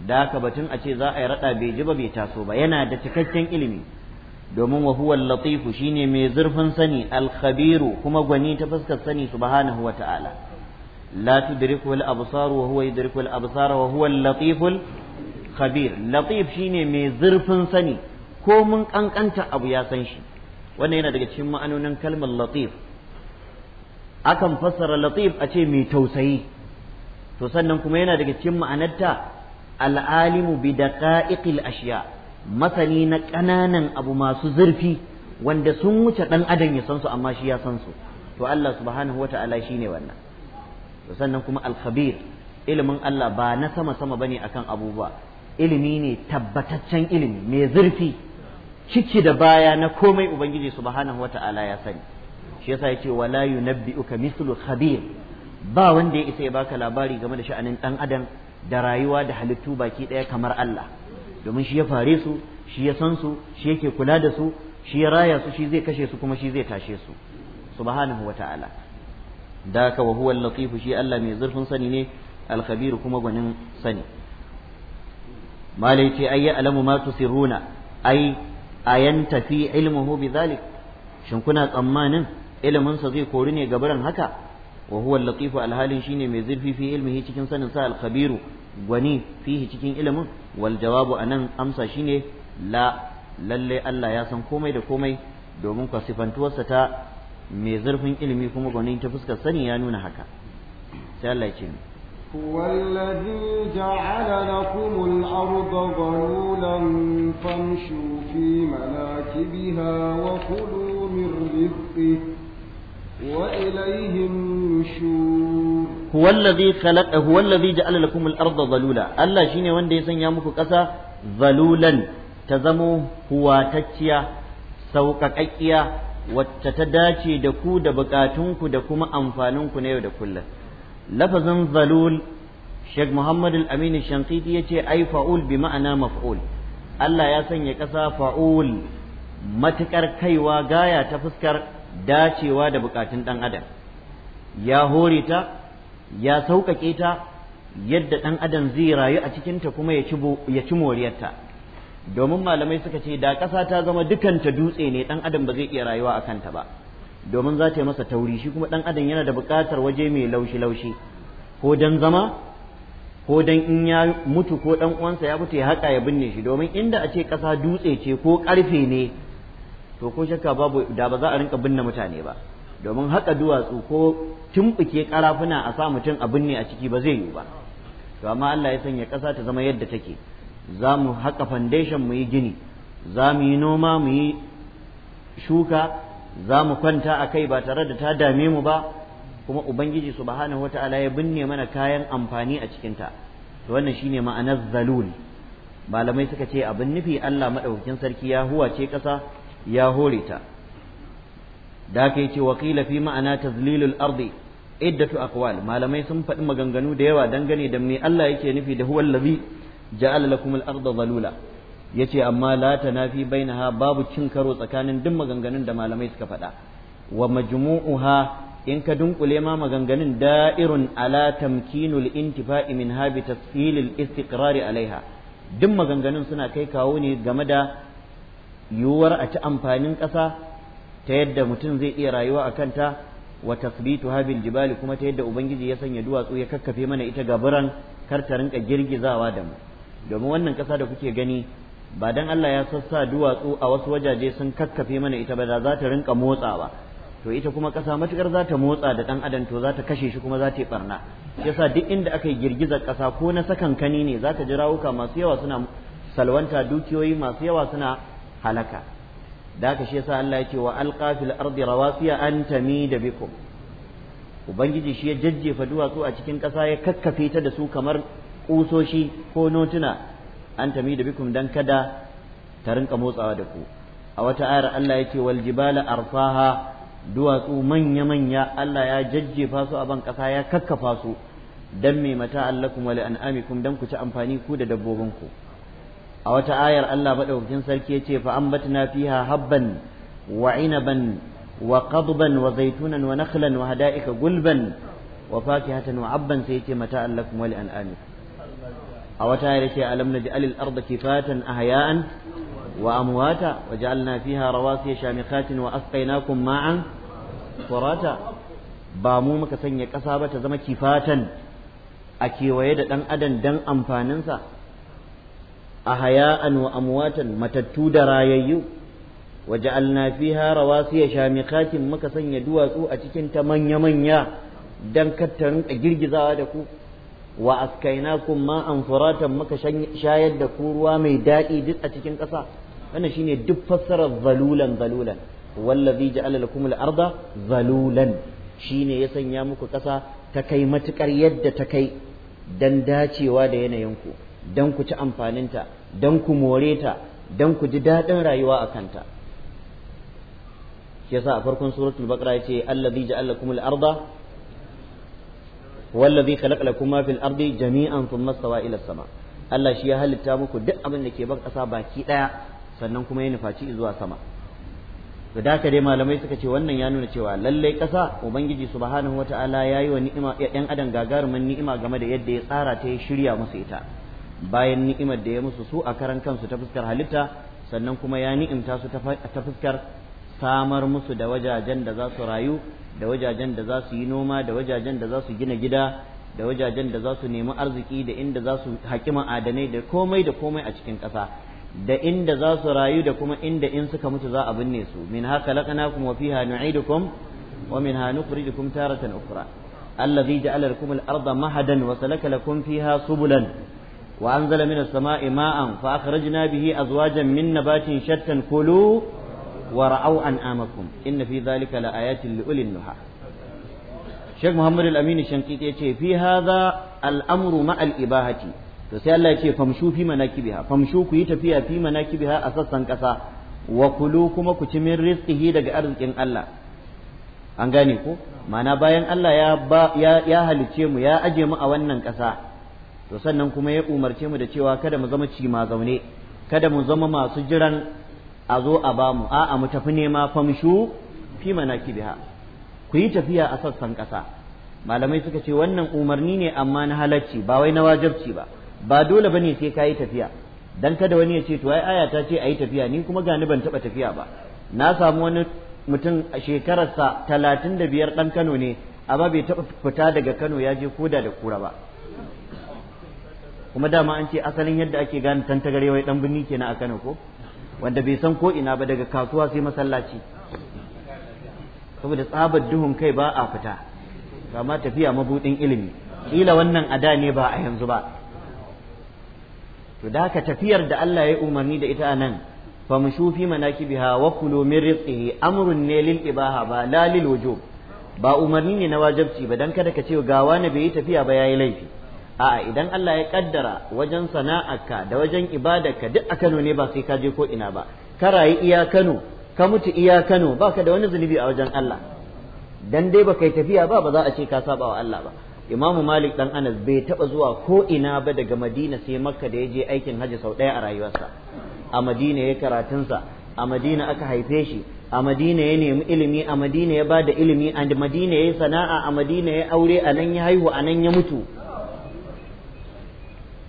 da haka batun a ce za a yi rada bai ji ba bai taso ba yana da cikakken ilimi domin wa huwa latifu shine mai zurfin sani al-khabiru kuma gwani ta fuskar sani subhanahu wa ta'ala la tudriku al-absar wa huwa yudriku al-absar wa huwa al-latiful khabir latif shine mai zurfin sani ko mun kankanta abu ya san shi wannan yana daga cikin ma'anonin kalmar latif akan fassara latif a ce mai tausayi to sannan kuma yana daga cikin ma'anarta al'alimu bi daqa'iqil ashiya masani na ƙananan abu masu zurfi wanda sun wuce ɗan adam ya san su amma shi ya san su to Allah subhanahu wa ta'ala shine wannan to sannan kuma al-khabir ilimin Allah ba na sama sama bane akan abubuwa ilimi ne tabbataccen ilimi mai zurfi ciki da baya na komai ubangiji subhanahu wata'ala ya sani shi yasa yace wala yunabbi'uka mithlu khabir ba wanda ya isa ya baka labari game da sha'anin dan adam da rayuwa da halittu baki daya kamar Allah domin shi ya fare su shi ya san su shi yake kula da su shi ya raya su shi zai kashe su kuma shi zai tashe su subhanahu wata'ala da haka wa huwa al shi Allah mai zurfin sani ne al kuma gwanin sani malai ce ayya alamu ma tusiruna ai a yantafi ilmuhu bidhalik shin kuna tsammanin ilimin sa zai kori ne gabaran haka wa huwa al-latifu al-halin shine mai zurfi fi ilmihi cikin sanin sa al-khabiru gwani fihi cikin ilimin wal jawabu anan amsa shine la lalle Allah ya san komai da komai domin kwa sifantuwarsa ta mai zurfin ilimi kuma gwanin ta fuskar sani ya nuna haka sai Allah ya ce هو الذي جعل لكم الأرض ظلولا فامشوا في مناكبها وكلوا من رزقه وإليه النشور هو الذي خلق هو الذي جعل لكم الأرض ظلولا الله شيني وين دي سنيا muku ƙasa zalulan ta zamo huwatacciya sauƙaƙaƙiya wacce ta dace da ku da buƙatunku da kuma amfaninku na yau da kullum lafazin zalul Sheikh Muhammad al-Amin Shankiti yace ai fa'ul bi ma'ana maf'ul Allah ya sanya ƙasa fa'ul matukar kaiwa gaya ta fuskar dacewa da bukatun ɗan adam ya hore ta ya sauƙaƙe ta yadda ɗan adam zai rayu a cikinta kuma ya ci moriyarta domin malamai suka ce da ƙasa ta zama dukanta dutse ne ɗan adam ba zai iya rayuwa a kanta ba domin za ta yi masa tauri shi kuma ɗan adam yana da buƙatar waje mai laushi-laushi ko don zama ko don in ya mutu ko ɗan uwansa ya mutu ya haƙa ya binne shi domin inda a ce ƙasa dutse ce ko ƙarfe ne to ko shakka babu da ba za a rinka binne mutane ba domin haƙa duwatsu ko tumɓuke ƙarafuna a sa mutum a binne a ciki ba zai yiwu ba to amma Allah ya sanya ƙasa ta zama yadda take za mu haƙa foundation mu yi gini za mu yi noma mu yi shuka za mu kwanta a kai ba tare da ta dame mu ba kuma ubangiji subhanahu ta'ala ya binne mana kayan amfani a cikinta to wannan shine ma'anar zalul malamai suka ce abin nufi Allah madaukakin sarki ya huwace ƙasa ya hore ta da aka yi ce waƙila fi ma'ana tazlilul ardi iddatu aqwal malamai sun faɗi maganganu da yawa dangane da me Allah yake nufi da huwal ladhi ja'ala lakumul arda zalula Ya ce amma la tanafi ha babu cin karo tsakanin duk maganganun da malamai suka faɗa wa majmu'uha in ka dunkule ma maganganun da'irun ala tamkinul intifa'i min ha bi tasfilil istiqrari alaiha duk maganganun suna kai kawo ne game da yiwuwar a ci amfanin ƙasa ta yadda mutum zai iya rayuwa a kanta wa tasbitu habin jibali kuma ta yadda ubangiji ya sanya duwatsu ya kakkafe mana ita gaburan kar ta rinka girgizawa da mu domin wannan ƙasa da kuke gani ba dan Allah ya sassa duwatsu a wasu wajaje sun kakkafe mana ita ba da za ta rinka motsawa to ita kuma ƙasa matukar za ta motsa da ɗan adam to za ta kashe shi kuma za ta yi barna yasa duk inda aka yi girgizar ƙasa ko na sakan kani ne za ta ji rawuka masu yawa suna salwanta dukiyoyi masu yawa suna halaka da haka shi yasa Allah ya ce wa alqa fil ardi rawasiya an tamida bikum ubangiji shi ya jajjefa duwatsu a cikin ƙasa ya kakkafe ta da su kamar kusoshi ko notuna an tami da bikum dan kada ta rinka motsawa da ku a wata ayar Allah ya ce wal jibala arfaha duwatsu manya manya Allah ya jajjefa su a ban kasa ya kakkafa su dan me mata allakum wa an'amikum dan ku ci amfani ku da dabbobin ku a wata ayar Allah madaukakin sarki yace ce fa ambatna fiha habban wa inaban wa qadban wa zaitunan wa nakhlan wa hada'ika gulban wa fakihatan wa abban sai ce mata allakum wa an'amikum a wata ya ce alam na ji'alil arda kifatan ahya'an wa amwata wa ja'alna fiha rawasiya shamikatin wa asqainakum ma'an furata ba mu muka sanya ƙasa ba ta zama kifatan a kewaye da dan adam dan amfaninsa a haya'an wa amwatan matattu da rayayyu wa ja'alna fiha rawasiya shamikatin muka sanya duwatsu a cikin ta manya-manya dan kattarin a girgizawa da ku wa askainakum an furatan muka shayar da ku ruwa mai daɗi duk a cikin ƙasa wannan shine duk fassarar zalulan zalulan wallazi ja'ala lakum al-arda zalulan shine ya sanya muku ƙasa ta kai matukar yadda ta kai dan dacewa da yanayinku dan ku ci amfaninta dan ku more ta dan ku ji daɗin rayuwa a kanta shi yasa a farkon suratul baqara yace allazi ja'ala lakum al-arda wallazi khalaqa lakum ma fil ardi jami'an thumma masawa ila sama Allah shi ya halitta muku duk abin da ke ban kasa baki daya sannan kuma ya nufaci zuwa sama da haka dai malamai suka ce wannan ya nuna cewa lallai ƙasa ubangiji subhanahu wata'ala yayi wa ni'ima yan adam gagarumin ni'ima game da yadda ya tsara ta ya shirya musu ita bayan ni'imar da ya musu su a karan kansu ta fuskar halitta sannan kuma ya ni'imta su ta fuskar samar musu da wajajen da za su rayu da wajajen da za su yi noma da wajajen da za su gina gida da wajajen da za su nemi arziki da inda za su haƙi ma'adanai da komai da komai a cikin ƙasa da inda za su rayu da kuma inda in suka mutu za a binne su min haka laqanakum wa fiha nu'idukum wa minha nukhrijukum taratan ukhra alladhi ja'ala lakum al-ardha mahadan wa salaka lakum fiha subulan wa anzala minas sama'i ma'an fa akhrajna bihi azwajan min nabatin shattan kulu ورأوا أنعامكم إن في ذلك لآيات لأولي النهى شيخ محمد الأمين الشنقيطي يقول في هذا الأمر مع الإباحة to sai Allah ce famshu fi manakibiha famshu ku tafiya fi kibiha a sassan kasa wa kulu kuma ku ci min rizqihi daga arzikin Allah an gane ko ma'ana bayan Allah ya ya, mu ya aje mu a wannan ƙasa. to sannan kuma ya umarce mu da cewa kada mu zama cima zaune kada mu zama masu jiran a zo a bamu a'a mu tafi nema famshu fi biha ku yi tafiya a sassan ƙasa malamai suka ce wannan umarni ne amma na halacci ba wai na wajabci ba ba dole bane sai ka yi tafiya dan kada wani ya ce to ai aya ta ce ayi tafiya ni kuma gani ban taba tafiya ba na samu wani mutum a shekararsa talatin da biyar ɗan Kano ne amma bai taɓa fita daga Kano ya je koda da kura ba kuma dama an ce asalin yadda ake gane tantagare wai ɗan birni kenan a Kano ko wanda bai san ko ina ba daga kasuwa sai masallaci saboda tsabar duhun kai ba a fita kama tafiya mabudin ilimi kila wannan ada ne ba a yanzu ba to da haka tafiyar da Allah ya umarni da ita anan fa mushufi fi manakibiha wa kulu min rizqihi amrun ne lil ibaha ba la lil wujub ba umarni ne na wajibci ba dan kada ka ce ga wani bai yi tafiya ba yayi laifi a'a idan Allah ya kaddara wajen sana'arka da wajen ibadarka duk a Kano ne ba sai ka je ko ina ba ka rayu iya Kano ka mutu iya Kano baka da wani zunubi a wajen Allah dan dai baka yi tafiya ba ba za a ce ka saba wa Allah ba Imamu Malik dan Anas bai taba zuwa ko ina ba daga Madina sai Makka da ya je aikin Hajji sau ɗaya a rayuwarsa a Madina ya sa. a Madina aka haife shi a Madina ya nemi ilimi a Madina ya bada ilimi a Madina ya sana'a a Madina ya aure a nan ya haihu a nan ya mutu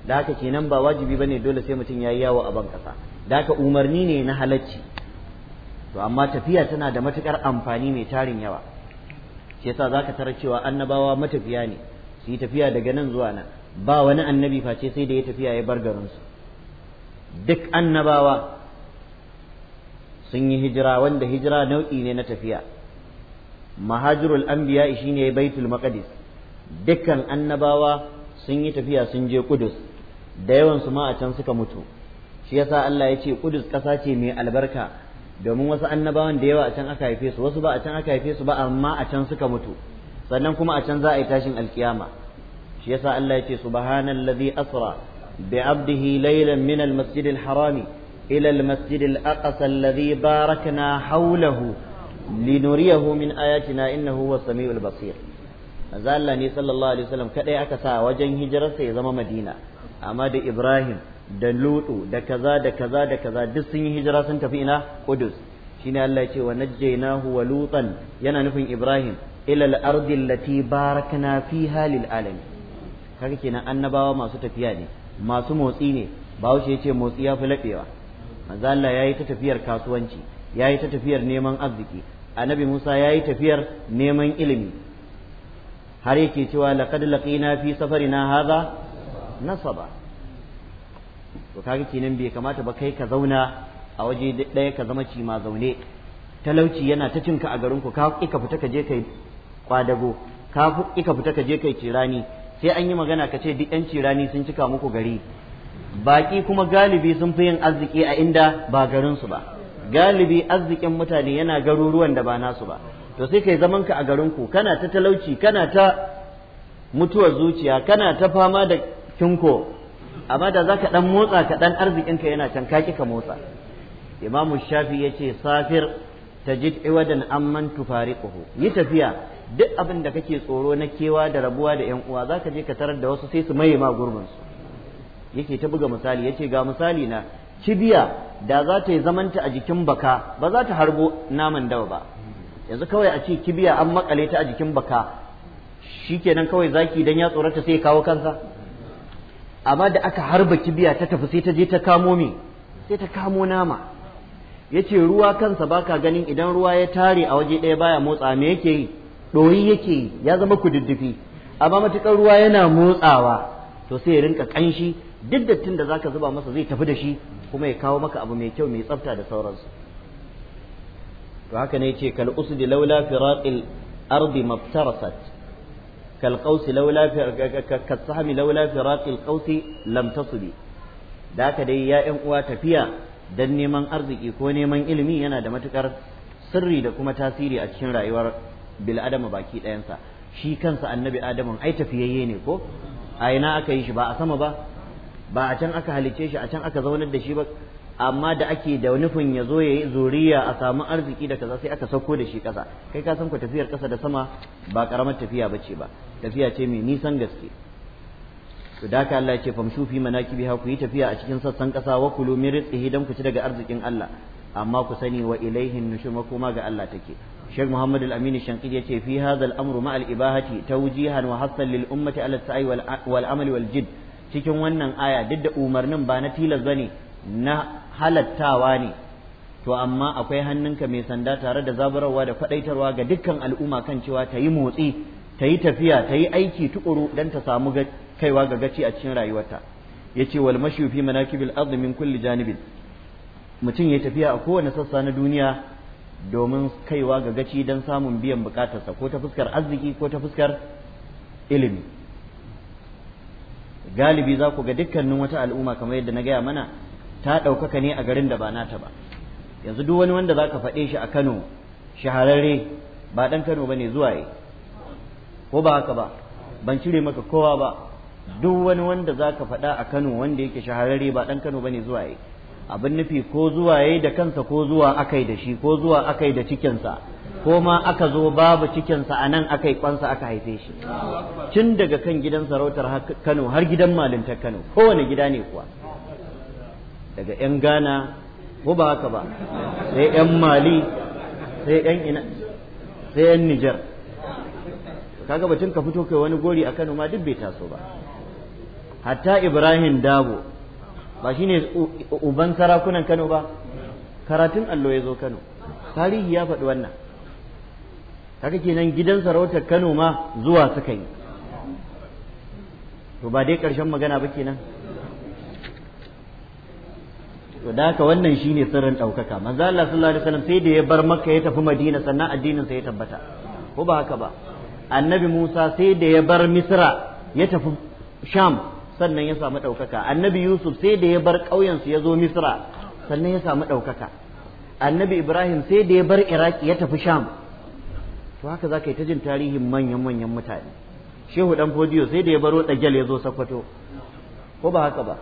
da haka kenan ba wajibi bane dole sai mutum yayi yawo a ban kasa da haka umarni ne na halacci to amma tafiya tana da matukar amfani mai tarin yawa shi yasa zaka tara cewa annabawa matafiya ne su yi tafiya daga nan zuwa nan ba wani annabi face sai da ya tafiya ya bar garin su duk annabawa sun yi hijira wanda hijira nau'i ne na tafiya mahajirul anbiya shine baitul maqdis dukkan annabawa sun yi tafiya sun je kudus da yawan ma a can suka mutu shi yasa Allah ya ce Kudus ƙasa ce mai albarka domin wasu annabawan da yawa a can aka haife su wasu ba a can aka haife su ba amma a can suka mutu sannan kuma a can za a yi tashin alkiyama shi yasa Allah ya ce subhanallazi asra bi abdihi laylan min almasjidil harami ila almasjidil aqsa alladhi barakna hawlahu linuriyahu min ayatina innahu huwas samiul basir manzo Allah ne sallallahu alaihi wasallam kadai aka sa wajen hijirarsa ya zama Madina amma da Ibrahim da Lutu da kaza da kaza da kaza duk sun yi hijira sun tafi ina Qudus shine Allah ya ce wa najjaynahu wa lutan yana nufin Ibrahim ila al-ardi allati barakna fiha lil alamin kaga kenan annabawa masu tafiya ne masu motsi ne bahaushe ya ce motsi ya fi laɓewa manzo Allah yayi ta tafiyar kasuwanci yayi ta tafiyar neman arziki annabi Musa yayi tafiyar neman ilimi har yake cewa laqad laqina fi safarina hadha nasaba to kaga kenan bai kamata ba kai ka zauna a waje ɗaya ka zama cimazaune zaune talauci yana ta cinka a garinku ka ka fita ka je kai kwadago ka ka fita ka je kai cirani sai an yi magana ka ce duk yan cirani sun cika muku gari baki kuma galibi sun fi yin arziki a inda ba garinsu ba galibi arzikin mutane yana garuruwan da ba nasu ba to sai kai zaman ka a garinku kana ta talauci kana ta mutuwar zuciya kana ta fama da kinko amma da zaka dan motsa ka dan arzikinka yana can kaki ka motsa imamu shafi ya ce safir tajid iwadan amman tufariquhu yi tafiya duk abin da kake tsoro na kewa da rabuwa da yan uwa zaka je ka tarar da wasu sai su maye ma gurbin su yake ta buga misali yace ga misali na kibiya da za ta yi zamanta a jikin baka ba za ta harbo naman dawa ba yanzu kawai a ce kibiya an makale ta a jikin baka shi kenan kawai zaki dan ya tsorata sai ya kawo kansa amma da aka harba kibiya ta tafi sai ta je ta kamo mi sai ta kamo nama yace ruwa kansa baka ganin idan ruwa ya tare a waje ɗaya baya motsa me yake yi ɗoyi yake yi ya zama ku kududdufi amma matukar ruwa yana motsawa to sai ya rinka kanshi duk dattin da zaka zuba masa zai tafi da shi kuma ya kawo maka abu mai kyau mai tsafta da sauransu to haka ne yace kal usdi laula firaqil ardi maftarasat kalqausi laula kasahmi laula firaqil qausi lam tasbi da dai ya ƴan uwa tafiya dan neman arziki ko neman ilimi yana da matukar sirri da kuma tasiri a cikin rayuwar bil baki ɗayansa shi kansa annabi adamun ai tafiyayye ne ko a ina aka yi shi ba a sama ba ba a can aka halicce shi a can aka zaunar da shi ba amma da ake da nufin ya zo ya yi zuriya a samu arziki da kaza sai aka sauko da shi kasa kai ka san ku tafiyar kasa da sama ba karamar tafiya bace ba tafiya ce mai nisan gaske to da ka Allah ya ce famshu fi manakibiha ku yi tafiya a cikin sassan ƙasa wa kulu min rizqihi dan ku ci daga arzikin Allah amma ku sani wa ilaihin nushur kuma ga Allah take Sheikh Muhammad Al-Amin ya ce fi hadha al-amru ma ibahati tawjihan wa hasan lil ummati ala sai wal amali wal cikin wannan aya duk da umarnin ba na tilas bane na halattawa ne to amma akwai hannunka mai sanda tare da zaburarwa da faɗaitarwa ga dukkan al'umma kan cewa ta yi motsi ta yi tafiya ta yi aiki tukuru don ta samu kaiwa ga gaci a cikin rayuwarta ya ce wal mashu fi manakibil ardi min kulli janibin mutum ya tafiya a kowane sassa na duniya domin kaiwa ga gaci don samun biyan bukatarsa ko ta fuskar arziki ko ta fuskar ilimi galibi za ku ga dukkanin wata al'umma kamar yadda na gaya mana ta ɗaukaka ne a garin da ba nata ba yanzu duk wani wanda zaka faɗe shi a Kano shahararre ba ɗan Kano bane zuwa yi ko ba haka ba ban cire maka kowa ba duk wani wanda zaka faɗa a Kano wanda yake shahararre ba ɗan Kano bane zuwa yi abin nufi ko zuwa yayi da kansa ko zuwa yi da shi ko zuwa yi da cikinsa ko ma aka zo babu cikinsa a nan akai kwansa aka haife shi tun daga kan gidan sarautar Kano har gidan malintar Kano kowane gida ne kuwa daga 'yan ghana ko ba haka ba sai 'yan mali sai 'yan ina sai 'yan nijar kaga batun ka fito kai wani gori a kano ma duk bai taso ba hatta ibrahim dabo ba shine uban sarakunan kano ba karatun allo ya zo kano tarihi ya faɗi wannan kaga kenan gidan sarautar kano ma zuwa suka yi to ba dai ƙarshen magana ba kenan to da haka wannan shine sirrin ɗaukaka manzo Allah sallallahu alaihi wasallam sai da ya bar makka ya tafi madina sannan addinin sa ya tabbata ko ba haka ba annabi Musa sai da ya bar misra ya tafi sham sannan ya samu ɗaukaka annabi yusuf sai da ya bar ƙauyensu ya zo misra sannan ya samu ɗaukaka annabi ibrahim sai da ya bar iraki ya tafi sham to haka za yi ta jin tarihin manyan manyan mutane shehu dan fodiyo sai da ya baro ɗagyal ya zo sakwato ko ba haka ba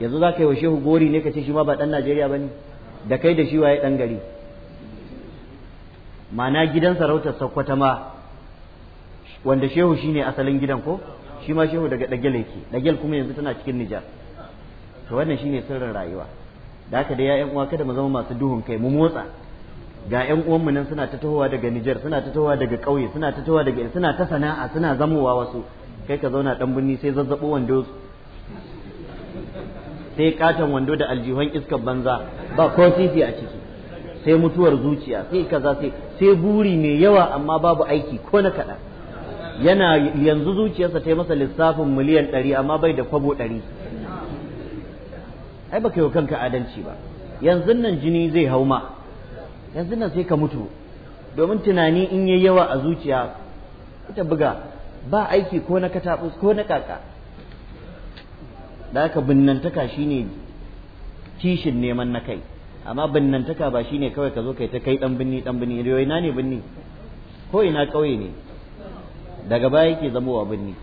yanzu za ka yi wa shehu gori ne ka ce shi ma ba ɗan najeriya ba ne da kai da shi waye ɗan gari ma'ana gidan sarautar sakkwata ma wanda shehu shine asalin gidan ko shi ma shehu daga ɗagel yake ɗagel kuma yanzu tana cikin nijar to wannan shine sirrin rayuwa da haka da ya'yan uwa kada mu zama masu duhun kai mu motsa ga ƴan uwanmu nan suna ta tahowa daga nijar suna ta tahowa daga ƙauye suna ta tahowa daga suna ta sana'a suna zamowa wasu kai ka zauna dan binni sai zazzabo wando sai katon wando da aljihun iskar banza ba ko sisi a ciki sai mutuwar zuciya sai kaza sai sai buri mai yawa amma babu aiki ko na kaɗan yana yanzu zuciyarsa ta yi masa lissafin miliyan ɗari amma bai da kwabo ɗari ai baka yi kanka adalci ba yanzu nan jini zai hau ma yanzu nan sai ka mutu domin tunani in yi yawa a zuciya ta buga ba aiki ko na ko na kaka da haka binnantaka shine kishin neman na kai amma binnantaka ba shine kawai ka zo kai ta kai dan binni dan binni ina ne binni ko ina kauye ne daga baya yake zamowa binni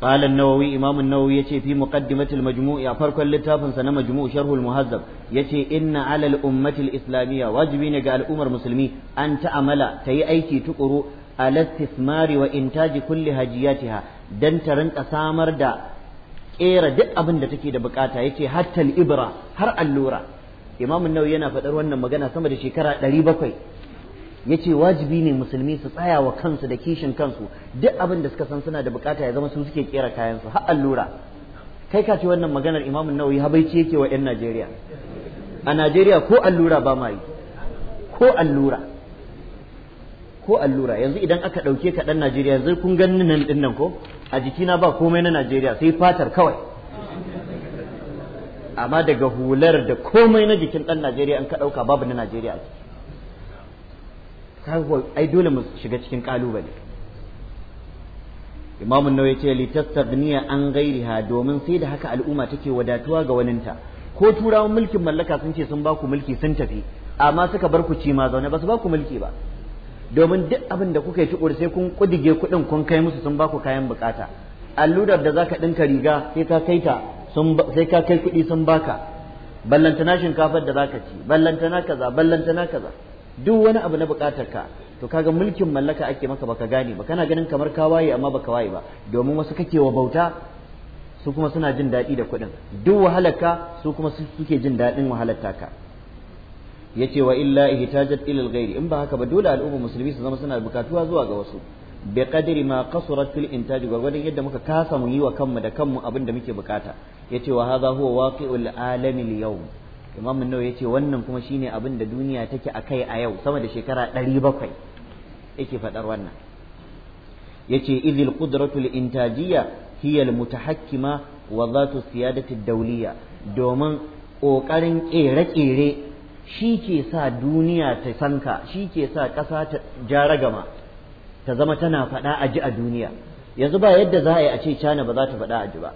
قال النووي إمام النووي يتي في مقدمة المجموع أفرق اللتاف سنة مجموع شرح المهذب يتي إن على الأمة الإسلامية واجبين على الأمر المسلمي أن تعمل تي أيكي تقرو alastismari wa intaji kulli hajiyatiha dan ta rinka samar da kera duk abin da take da bukata yace hatta ibra har allura imam nawawi yana faɗar wannan magana sama da shekara 700 yace wajibi ne musulmi su tsaya wa kansu da kishin kansu duk abin da suka san suna da bukata ya zama su suke kera kayan su har allura kai ka ce wannan maganar imam nawawi habaici yake wa 'yan najeriya a najeriya ko allura ba ma yi ko allura ko allura yanzu idan aka ɗauke ka ɗan Najeriya yanzu kun gani nan ɗin nan ko a jikina ba komai na Najeriya sai fatar kawai amma daga hular da komai na jikin ɗan Najeriya an ka ɗauka babu na Najeriya a ciki kawo ai dole mu shiga cikin kalubale Imam ya ce li an an gairiha domin sai da haka al'umma take wadatuwa ga waninta ko turawan mulkin mallaka sun ce sun ba ku mulki sun tafi amma suka bar ku ci ma zaune ba su ba ku mulki ba domin duk abin da kuka yi tukuri sai kun kudige kuɗin kun kai musu sun baku kayan bukata allurar da zaka ɗinka riga sai ka kai ta sai ka kai kuɗi sun baka ballantana shinkafar da zaka ci ballantana kaza ballantana kaza duk wani abu na bukatar ka to kaga mulkin mallaka ake maka baka gane ba kana ganin kamar ka waye amma baka waye ba domin wasu kake wa bauta su kuma suna jin daɗi da kuɗin duk wahalarka su kuma suke jin daɗin wahalar taka yace wa illa ihtajat ila ghairi in ba haka ba dole al'umma musulmi su zama suna bukatuwa zuwa ga wasu bi qadri ma qasurat fil intaj gwargwadon yadda muka kasa mu yi wa kanmu da kanmu abin da muke bukata yace wa hadha huwa waqi'ul alami al-yawm imam nawawi yace wannan kuma shine abin da duniya take akai a yau sama da shekara 700 yake fadar wannan yace idil qudratu al-intajiyya hiya al-mutahakkima wa dhatu siyadati ad-dawliya domin kokarin kere-kere shi ke sa duniya ta sanka shi ke sa ƙasa ta jaragama ta zama tana faɗa a ji a duniya yanzu ba yadda za a yi a ce cana ba za ta faɗa a ji ba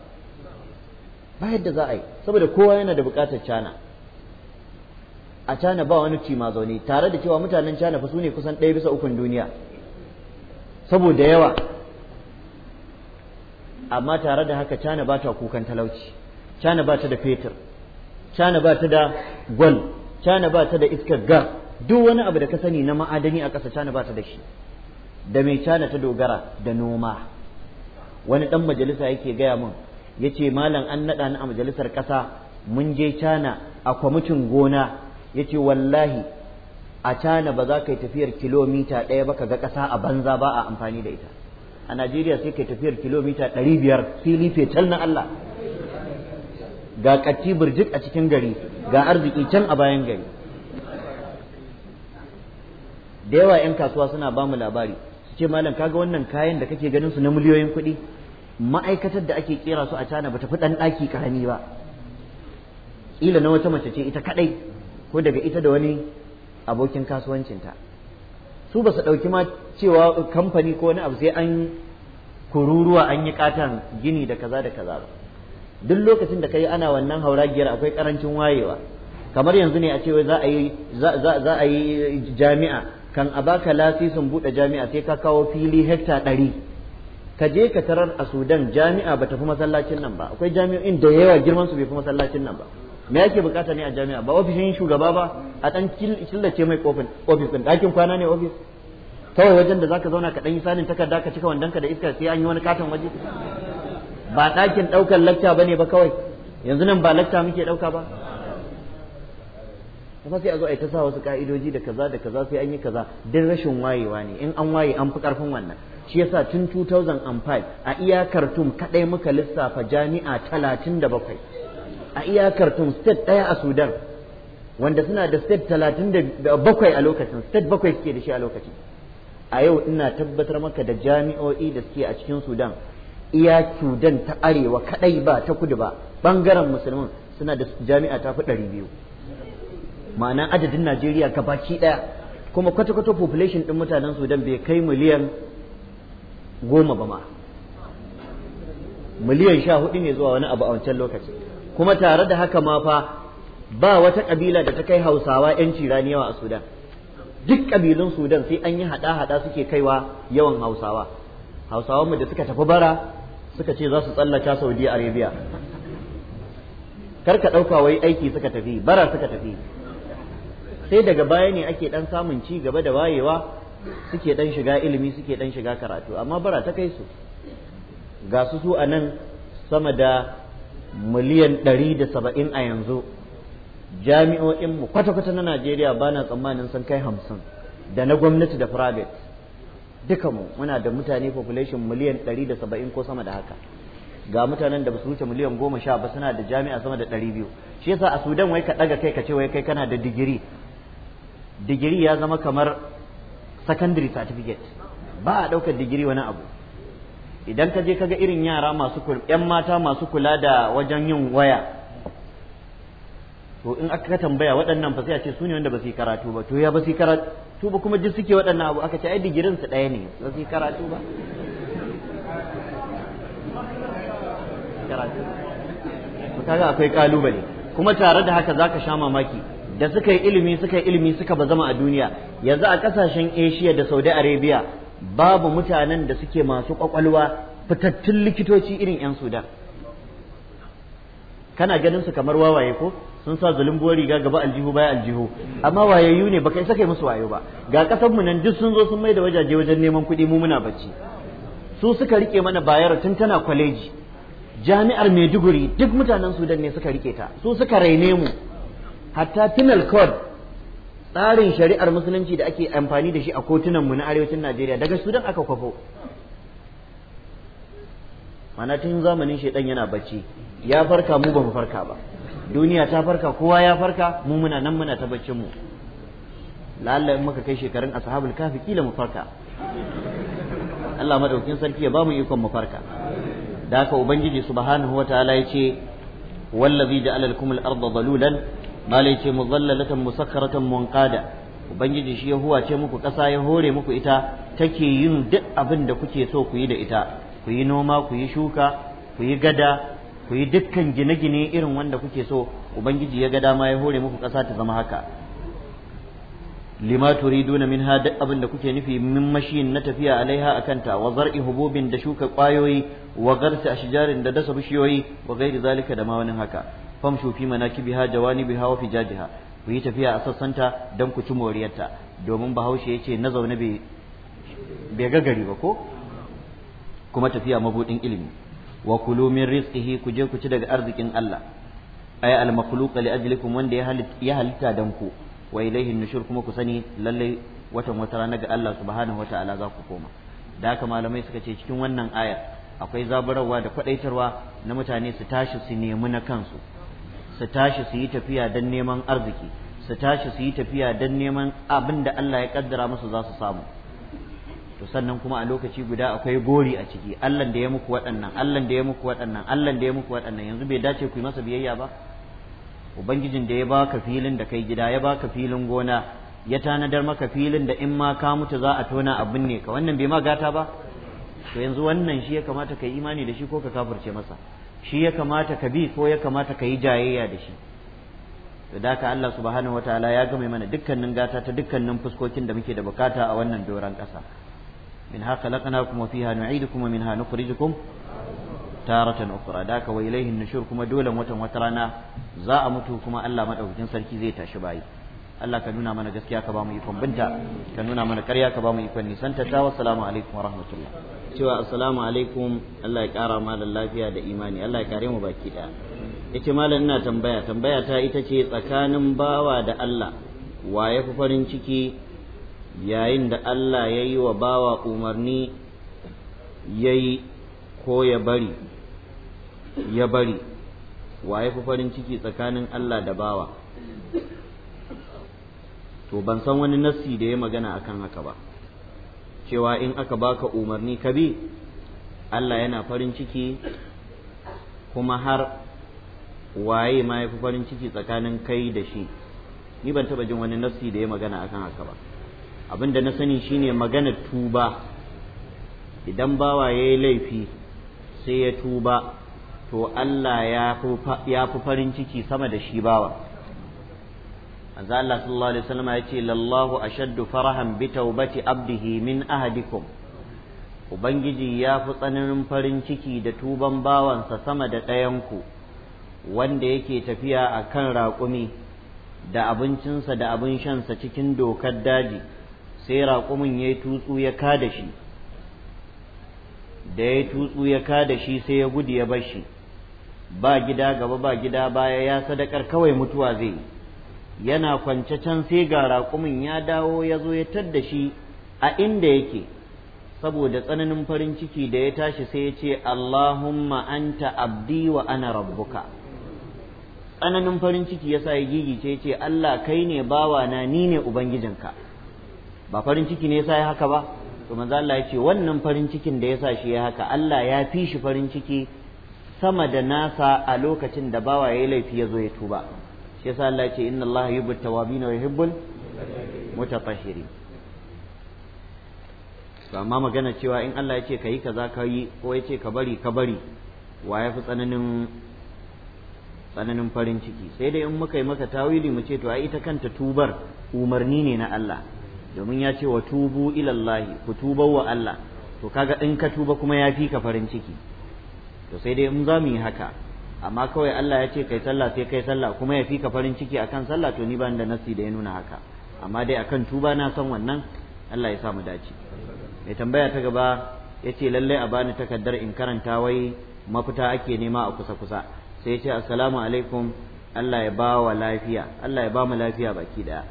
ba yadda za a yi saboda kowa yana da buƙatar cana a cana ba wani cima zaune tare da cewa mutanen cana fa su ne kusan ɗaya bisa ukun duniya saboda yawa amma tare da haka cana ba ta kukan talauci cana ba ta da fetur cana ba ta da gwal cana ba ta da iskar gar duk wani abu da ka sani na ma'adani a ƙasa cana ba ta da shi da mai cana ta dogara da noma wani ɗan majalisa yake gaya min ya ce malam an naɗa ni a majalisar ƙasa mun je cana a kwamitin gona ya ce wallahi a cana ba za ka yi tafiyar kilomita ɗaya ba ka ga ƙasa a banza ba a amfani da ita a najeriya sai ka yi tafiyar kilomita ɗari biyar fili fetal na allah ga ƙatti duk a cikin gari ga arziki can a bayan gari da yawa 'yan kasuwa suna ba mu labari su ce malam kaga wannan kayan da kake ganin su na miliyoyin kuɗi ma'aikatar da ake kera su a cana bata fi ɗan ɗaki karami ba ƙila na wata mace ce ita kaɗai ko daga ita da wani abokin kasuwancinta su ba su ɗauki ma cewa kamfani ko wani abu sai an kururuwa an yi katon gini da kaza da kaza ba duk lokacin da kai ana wannan hauragiyar akwai karancin wayewa kamar yanzu ne a ce za a yi za a yi jami'a kan a baka lasisin bude jami'a sai ka kawo fili hekta ɗari ka je ka tarar a Sudan jami'a ba ta fi masallacin nan ba akwai jami'o'in da yawa girman su bai fi masallacin nan ba me yake bukata ne a jami'a ba ofishin shugaba ba a dan killace mai kofin ofis din dakin kwana ne ofis kawai wajen da zaka zauna ka dan yi sanin takarda ka cika wandanka da iska sai an yi wani katon waje ba ɗakin ɗaukar lacca ba ne ba kawai yanzu nan ba lacca muke ɗauka ba kuma sai a zo a yi ta sa wasu ka'idoji da kaza da kaza sai an yi kaza duk rashin wayewa ne in an waye an fi ƙarfin wannan shi yasa tun 2005 a iyakar tum kaɗai muka lissafa jami'a 37 a iyakar tum state ɗaya a sudan wanda suna da state 37 a lokacin state bakwai suke da shi a lokacin a yau ina tabbatar maka da jami'o'i da suke a cikin sudan iya cudan ta arewa kadai ba ta kudu ba bangaren musulmin suna da jami'a ta fi ɗari biyu ma'ana adadin najeriya baki ɗaya kuma kwata-kwata population ɗin mutanen sudan bai kai miliyan goma ba ma miliyan sha hudu ne zuwa wani abu a wancan lokaci kuma tare da haka ma fa ba wata kabila da ta kai hausawa 'yanci rani a sudan duk kabilun sudan sai an yi hada-hada suke kaiwa yawan hausawa hausawan mu da suka tafi bara suka ce za su tsallaka saudi arabia kar ka ɗauka wai aiki suka tafi bara suka tafi sai daga baya ne ake ɗan samun ci gaba da wayewa suke ɗan shiga ilimi suke ɗan shiga karatu amma bara ta kai su ga su su a nan sama da miliyan ɗari da saba'in a yanzu jami'o'inmu kwata-kwata na najeriya ba na tsammanin sun kai hamsin da na gwamnati da private duka mu muna da mutane population miliyan 170 ko sama da haka ga mutanen da basu wuce miliyan goma sha ba suna da jami'a sama da ɗari biyu shi yasa a sudan wai ka ɗaga kai ka ce wai kai kana da digiri digiri ya zama kamar secondary certificate ba a daukar digiri wani abu idan ka je ka irin yara masu yan mata masu kula da wajen yin waya to in aka tambaya waɗannan ba sai a ce su ne wanda ba su yi karatu ba to ya ba su yi karatu ba kuma duk suke waɗannan abu aka ce ai digirin su ɗaya ne ba su yi karatu ba karatu kaga akwai kalubale kuma tare da haka zaka sha mamaki da suka yi ilimi suka yi ilimi suka ba zama a duniya yanzu a kasashen Asia da Saudi Arabia babu mutanen da suke masu kwakwalwa fitattun likitoci irin 'yan Sudan kana ganin su kamar wawaye ko sun sa zulumbuwar riga gaba aljihu baya aljihu amma wayayyu ne baka isa kai musu wayo ba ga kasan mu nan duk sun zo sun da wajaje wajen neman kuɗi mu muna bacci su suka rike mana bayar tun tana kwaleji jami'ar Maiduguri duk mutanen Sudan ne suka rike ta su suka raine mu hatta penal code tsarin shari'ar musulunci da ake amfani da shi a kotunan mu na arewacin Najeriya daga Sudan aka kwafo mana tun zamanin shaidan yana bacci ya farka mu ba mu farka ba duniya ta farka kowa ya farka mu muna nan muna ta baccin mu lalla in muka kai shekarun ashabul kafi kila mu farka Allah madaukin sarki ya bamu ikon mu farka da haka ubangiji subhanahu wataala yace wallazi ja'ala lakum al-ardha dalulan mala yace mudhallalatan musakkaratan munqada ubangiji shi ya huwace muku kasa ya hore muku ita take yin duk abin da kuke so ku yi da ita ku yi noma ku yi shuka ku yi gada ku yi dukkan gine-gine irin wanda kuke so ubangiji ya ga dama ya hore muku ƙasa ta zama haka lima duna minha duk abin da kuke nufi min mashin na tafiya a alaiha akanta wa zar'i hububin da shuka kwayoyi wa garsi shijarin da dasa bishiyoyi wa gairi zalika da ma wani haka Fam shufi biha da wani biha wa fijajiha ku yi tafiya a sassanta don ku ci moriyarta domin bahaushe ya ce na zaune bai ga gari ba ko kuma tafiya mabuɗin ilimi wa kulu min rizqihi ku je ku ci daga arzikin Allah ay al makhluqa li ajlikum wanda ya halitta dan ku wa ilayhi nushur kuma ku sani lalle watan wata rana ga Allah subhanahu wataala za ku koma da haka malamai suka ce cikin wannan aya akwai zabarawa da kwadaitarwa na mutane su tashi su nemi na kansu su tashi su yi tafiya dan neman arziki su tashi su yi tafiya dan neman abin da Allah ya kaddara musu za su samu to sannan kuma a lokaci guda akwai gori a ciki Allah da ya muku waɗannan Allah da ya muku waɗannan Allah da ya muku waɗannan yanzu bai dace ku yi masa biyayya ba ubangijin da ya baka filin da kai gida ya baka filin gona ya tanadar maka filin da in ma ka mutu za a tona abin ne ka wannan bai ma gata ba to yanzu wannan shi ya kamata ka yi imani da shi ko ka kafirce masa shi ya kamata ka bi ko ya kamata ka yi jayayya da shi to da ka Allah subhanahu wataala ya game mana dukkanin gata ta dukkanin fuskokin da muke da bukata a wannan doron ƙasa منها خلقناكم وفيها نعيدكم ومنها نخرجكم taratan ukra da ka wa ilaihin nushur kuma dole watan wata rana za mutu kuma Allah madaukakin sarki zai tashi bayi Allah ka nuna mana gaskiya ka ba mu ikon binta ka nuna mana ƙarya ka ba mu ikon nisanta ta wassalamu alaikum wa rahmatullah cewa assalamu alaikum Allah ya kara malam lafiya da imani Allah ya kare mu baki daya yace malam ina tambaya ta ita ce tsakanin bawa da Allah wa fi farin ciki yayin da Allah ya yi wa bawa umarni ya yi ko ya bari ya bari wa ya fi farin ciki tsakanin Allah da bawa to ban san wani nassi da ya magana akan haka ba cewa in aka baka umarni ka bi Allah yana farin ciki kuma har waye ma ya fi farin ciki tsakanin kai da shi ni ban taba jin wani nassi da ya magana akan haka ba abinda na sani shine magana tuba idan bawa ya yi laifi sai ya tuba to Allah ya fi farin ciki sama da shi bawa anza Allah sallallahu alaihi wasallam ya ce lallahu ashaddu farahan bi taubati abdihi min ahadikum ubangiji ya fi tsananin farin ciki da tuban bawansa sama da ɗayanku wanda yake tafiya a kan raƙumi da abincinsa da abin shansa cikin dokar daji sai raƙumin ya yi tutsu ya kada shi da ya yi tutsu ya da shi sai ya gudu ya bar shi ba gida gaba ba gida baya ya sadakar kawai mutuwa zai yi. yana kwance can sai ga raƙumin ya dawo ya zo ya tadda shi a inda yake saboda tsananin farin ciki da ya tashi sai ya ce Allahumma anta abdi wa ana rabbuka tsananin farin ciki yasa ya gigice ya ce Allah kai ne bawana ni ne ubangijinka ba farin ciki ne yasa ya haka ba to manzo Allah ya ce wannan farin cikin da yasa shi ya haka Allah ya fi shi farin ciki sama da nasa a lokacin da bawa yayi laifi yazo zo ya tuba shi yasa Allah ya ce inna Allah yuhibbut tawabin wa yuhibbul mutatahhirin to amma magana cewa in Allah ya ce kayi kaza kayi ko ya ka bari ka bari wa ya fi tsananin tsananin farin ciki sai dai in muka yi maka tawili mu ce to ai ita kanta tubar umarni ne na Allah domin ya ce wa tubu ilallahi ku tuba wa Allah to kaga in ka tuba kuma ya fi ka farin ciki to sai dai in za mu yi haka amma kawai Allah ya ce kai sallah sai kai sallah kuma ya fi ka farin ciki akan sallah to ni ba da nasi da ya nuna haka amma dai akan tuba na san wannan Allah ya sa mu dace mai tambaya ta gaba ya ce lallai a bani takardar in karanta wai mafita ake nema a kusa kusa sai ya ce assalamu alaikum Allah ya ba wa lafiya Allah ya ba mu lafiya baki daya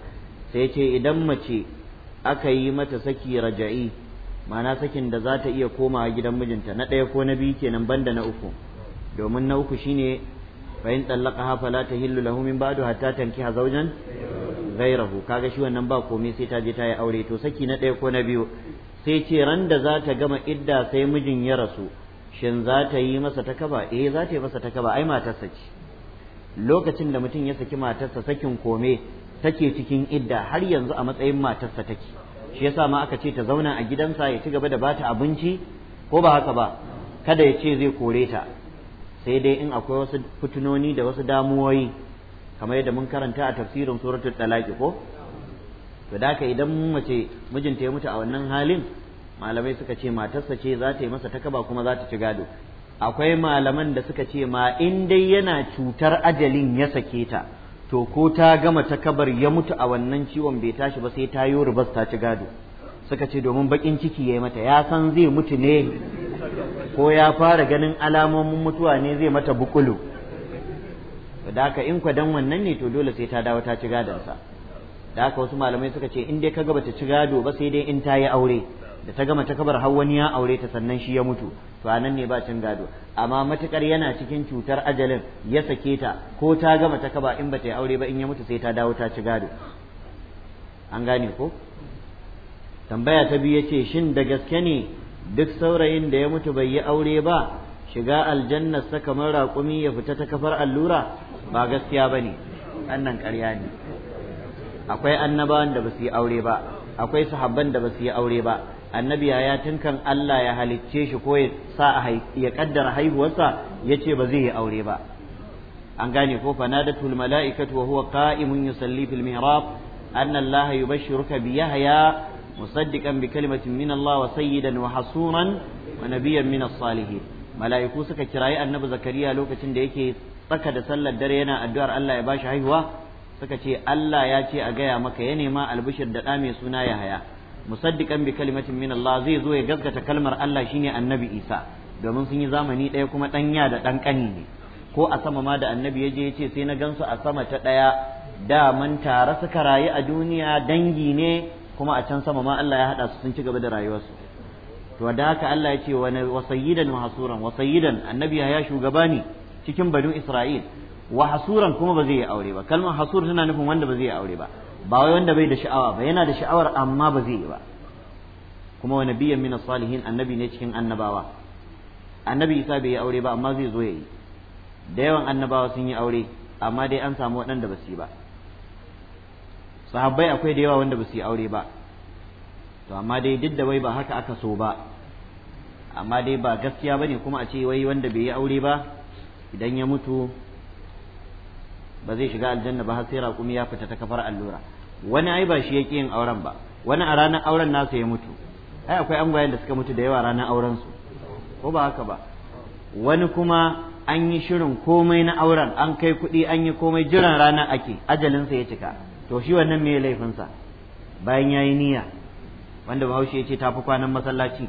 sai ya ce idan mace aka yi mata saki raja'i ma'ana sakin da za ta iya komawa gidan mijinta na ɗaya ko na biyu kenan banda na uku domin na uku shine fa in talaqaha fala tahillu lahu min ba'du hatta tankiha zawjan ghayrahu kaga shi wannan ba komai sai ta je ta yi aure to saki na ɗaya ko na biyu sai ce ran da za ta gama idda sai mijin ya rasu shin za ta yi masa takaba eh za ta yi masa takaba ai matarsa ce lokacin da mutum ya saki matarsa sakin kome take cikin idda har yanzu a matsayin matarsa take shi yasa ma aka ce ta zauna a gidansa ya ci gaba da bata abinci ko ba haka ba kada ya ce zai kore ta sai dai in akwai wasu fitinoni da wasu damuwoyi kamar yadda mun karanta a tafsirin suratul talaqi ko to da ka idan mace mijinta ya mutu a wannan halin malamai suka ce matarsa ce za ta yi masa takaba kuma za ta ci gado akwai malaman da suka ce ma in dai yana cutar ajalin ya sake ta to ko ta gama ta kabar ya mutu a wannan ciwon bai tashi ba sai ta yi rubas ta ci gado suka ce domin bakin ciki ya yi mata ya san zai mutu ne ko ya fara ganin alamomin mutuwa ne zai mata bukulu da haka in kwadon wannan ne to dole sai ta dawo ta ci gadonsa da haka wasu malamai suka ce in dai ka gaba ta ci gado ba sai dai in ta yi aure da ta gama ta kabar har wani ya aure ta sannan shi ya mutu to anan ne ba cin gado amma matukar yana cikin cutar ajalin ya sake ta ko ta gama ta kaba in bata yi aure ba in ya mutu sai ta dawo ta ci gado an gane ko tambaya ta biyu ce shin da gaske ne duk saurayin da ya mutu bai yi aure ba shiga aljanna sa kamar raƙumi ya fita ta kafar allura ba gaskiya bane annan ƙarya ne akwai annabawan da ba su yi aure ba akwai sahabban da ba su yi aure ba annabi ya kan Allah ya halicce shi ko ya sa ya kaddara haihuwarsa yace ba zai yi aure ba an gane ko fanadatu mala'ikatu wa huwa qa'imun yusalli fil mihrab anna Allah yubashshiruka bi Yahya musaddiqan bi kalimatin min Allah wa sayyidan wa hasuran wa nabiyyan min as-salihin mala'iku suka kirayi annabi zakariya lokacin da yake tsaka da sallar dare yana addu'ar Allah ya bashi haihuwa suka ce Allah ya ce a gaya maka ya nema albishir da ɗa mai suna Yahaya musaddiqan bi kalimatin min Allah zai zo ya gaskata kalmar Allah shine annabi Isa domin sun yi zamani ɗaya kuma ɗanya da ɗan ƙani ne ko a sama ma da annabi ya je ya ce sai na gansu a sama ta ɗaya da mun tare suka rayu a duniya dangi ne kuma a can sama ma Allah ya haɗa su sun ci gaba da rayuwarsu to da haka Allah ya ce wa sayyidan wa hasuran wa annabi ya shugaba ne cikin banu Isra'il wa hasuran kuma ba zai yi aure ba kalmar hasur tana nufin wanda ba zai yi aure ba ba wai wanda bai da sha'awa ba yana da sha'awar amma ba zai yi ba kuma wa nabiyyan min salihin annabi ne cikin annabawa annabi isa bai yi aure ba amma zai zo ya yi da yawan annabawa sun yi aure amma dai an samu waɗanda ba su yi ba sahabbai akwai da yawa wanda ba su yi aure ba to amma dai duk da wai ba haka aka so ba amma dai ba gaskiya ba ne kuma a ce wai wanda bai yi aure ba idan ya mutu ba zai shiga aljanna ba har sai raƙumi ya fita ta kafar allura wani ai ba shi yake yin auren ba wani a ranar auren nasa ya mutu ai akwai angwayen da suka mutu da yawa ranar auren su ko ba haka ba wani kuma an yi shirin komai na auren an kai kuɗi an yi komai jiran ranar ake ajalinsa ya cika to shi wannan me sa bayan yayi niyya wanda bahaushe ya ce tafi kwanan masallaci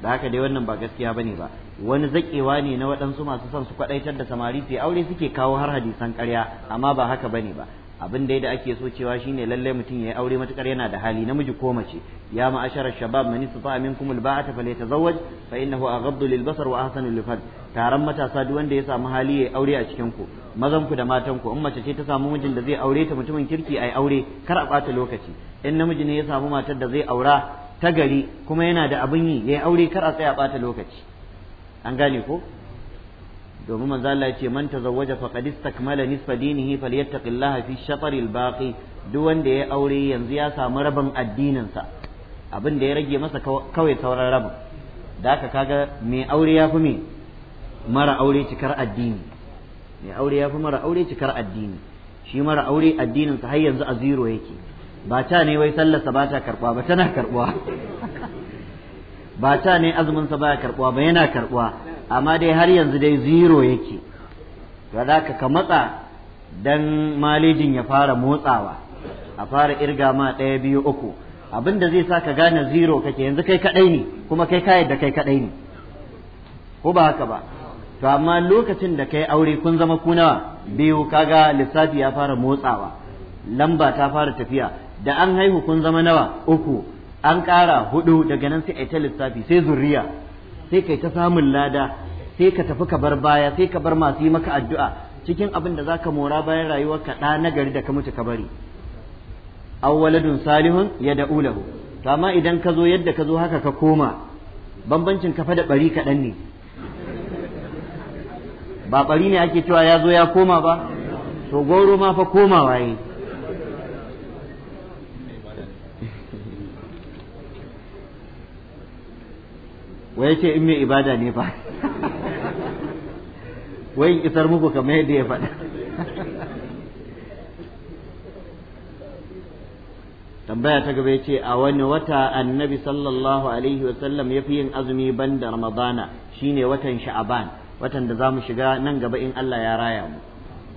da haka dai wannan ba gaskiya bane ba wani zakewa ne na waɗansu masu son su kwaɗaitar da samari sai aure suke kawo har hadisan ƙarya amma ba haka bane ba abin da ake so cewa shine lalle mutum ya yi aure matukar yana da hali namiji ko mace ya ma'ashara shabab man istata minkum alba'ata falyatazawwaj fa innahu aghaddu lilbasar wa ahsanu lilfad taron matasa duk wanda ya samu hali ya aure a cikin ku mazan ku da matan ku in mace ce ta samu mijin da zai aure ta mutumin kirki ai aure kar a bata lokaci in namiji ne ya samu matar da zai aura ta gari kuma yana da abin yi yayi aure kar a tsaya bata lokaci an gane ko domin manzo Allah ya ce man tazawwaja faqad istakmala nisfa dinihi falyattaqillaha fi shatari al-baqi duk wanda ya aure yanzu ya samu rabin addinin sa abin da ya rage masa kawai sauran rabin da haka kaga mai aure ya fi me mara aure cikar addini mai aure ya fi mara aure cikar addini shi mara aure addinin sa har yanzu a zero yake ba ta ne wai sallarsa ba ta karɓa ba tana karɓuwa ba ta ne azumin sa baya karbuwa ba yana karbuwa amma dai har yanzu dai zero yake to za ka matsa dan malijin ya fara motsawa a fara irga ma ɗaya biyu uku abin da zai sa ka gane zero kake yanzu kai kaɗai ne kuma kai kayar da kai kaɗai ne ko ba haka ba to amma lokacin da kai aure kun zama ku nawa biyu kaga lissafi ya fara motsawa lamba ta fara tafiya da an haihu kun zama nawa uku an ƙara hudu daga nan sai a ta lissafi sai zuriya sai kai ta samun lada sai ka tafi ka bar baya sai ka bar masu yi maka addu'a cikin abin da za ka mora bayan rayuwar ka ɗa na gari da ka mutu ka bari Auwala waladun salihun ya da'u lahu to amma idan ka zo yadda ka zo haka ka koma bambancin kafa da bari kaɗan ne ba bari ne ake cewa ya zo ya koma ba to goro ma fa koma waye. wai ce in mai ibada ne ba wai in isar muku kamar yadda ya faɗa tambaya ta gaba ya ce a wani wata annabi sallallahu alaihi wasallam ya fi yin azumi ban da ramadana shine watan sha'aban watan da za mu shiga nan gaba in Allah ya raya mu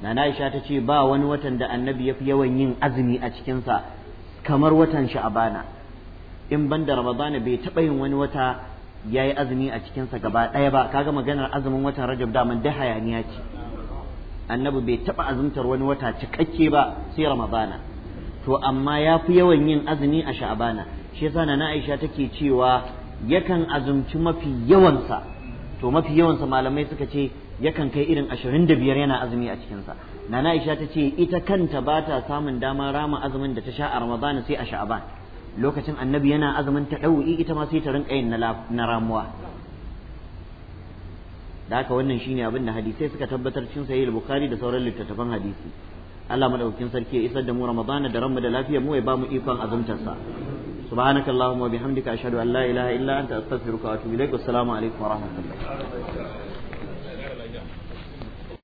na aisha ta ce ba wani watan da annabi ya fi yawan yin azumi a cikinsa kamar watan sha'abana in ban da ramadana bai taɓa yin wani wata ya yi azumi a cikinsa gaba ɗaya ba kaga maganar azumin watan rajab daman da hayaniya ce annabi bai taɓa azumtar wani wata cikakke ba sai ramadana to amma ya fi yawan yin azumi a sha'abana shi yasa na aisha take cewa yakan azumci mafi yawansa to mafi yawansa malamai suka ce yakan kai irin ashirin da biyar yana azumi a cikinsa nana aisha ta ce ita kanta ba ta samun damar rama azumin da ta sha a ramadana sai a sha'aban lokacin annabi yana azumin ta ɗau'i ita ma sai ta rinka yin na ramuwa da haka wannan shine abin da hadisai suka tabbatar cin sahih bukhari da sauran littattafan hadisi Allah madaukakin sarki ya isar da mu Ramadan da ranmu da lafiyar mu ya bamu ikon azumtarsa subhanakallahumma wa bihamdika ashhadu an la ilaha illa anta astaghfiruka wa atubu ilaik assalamu wa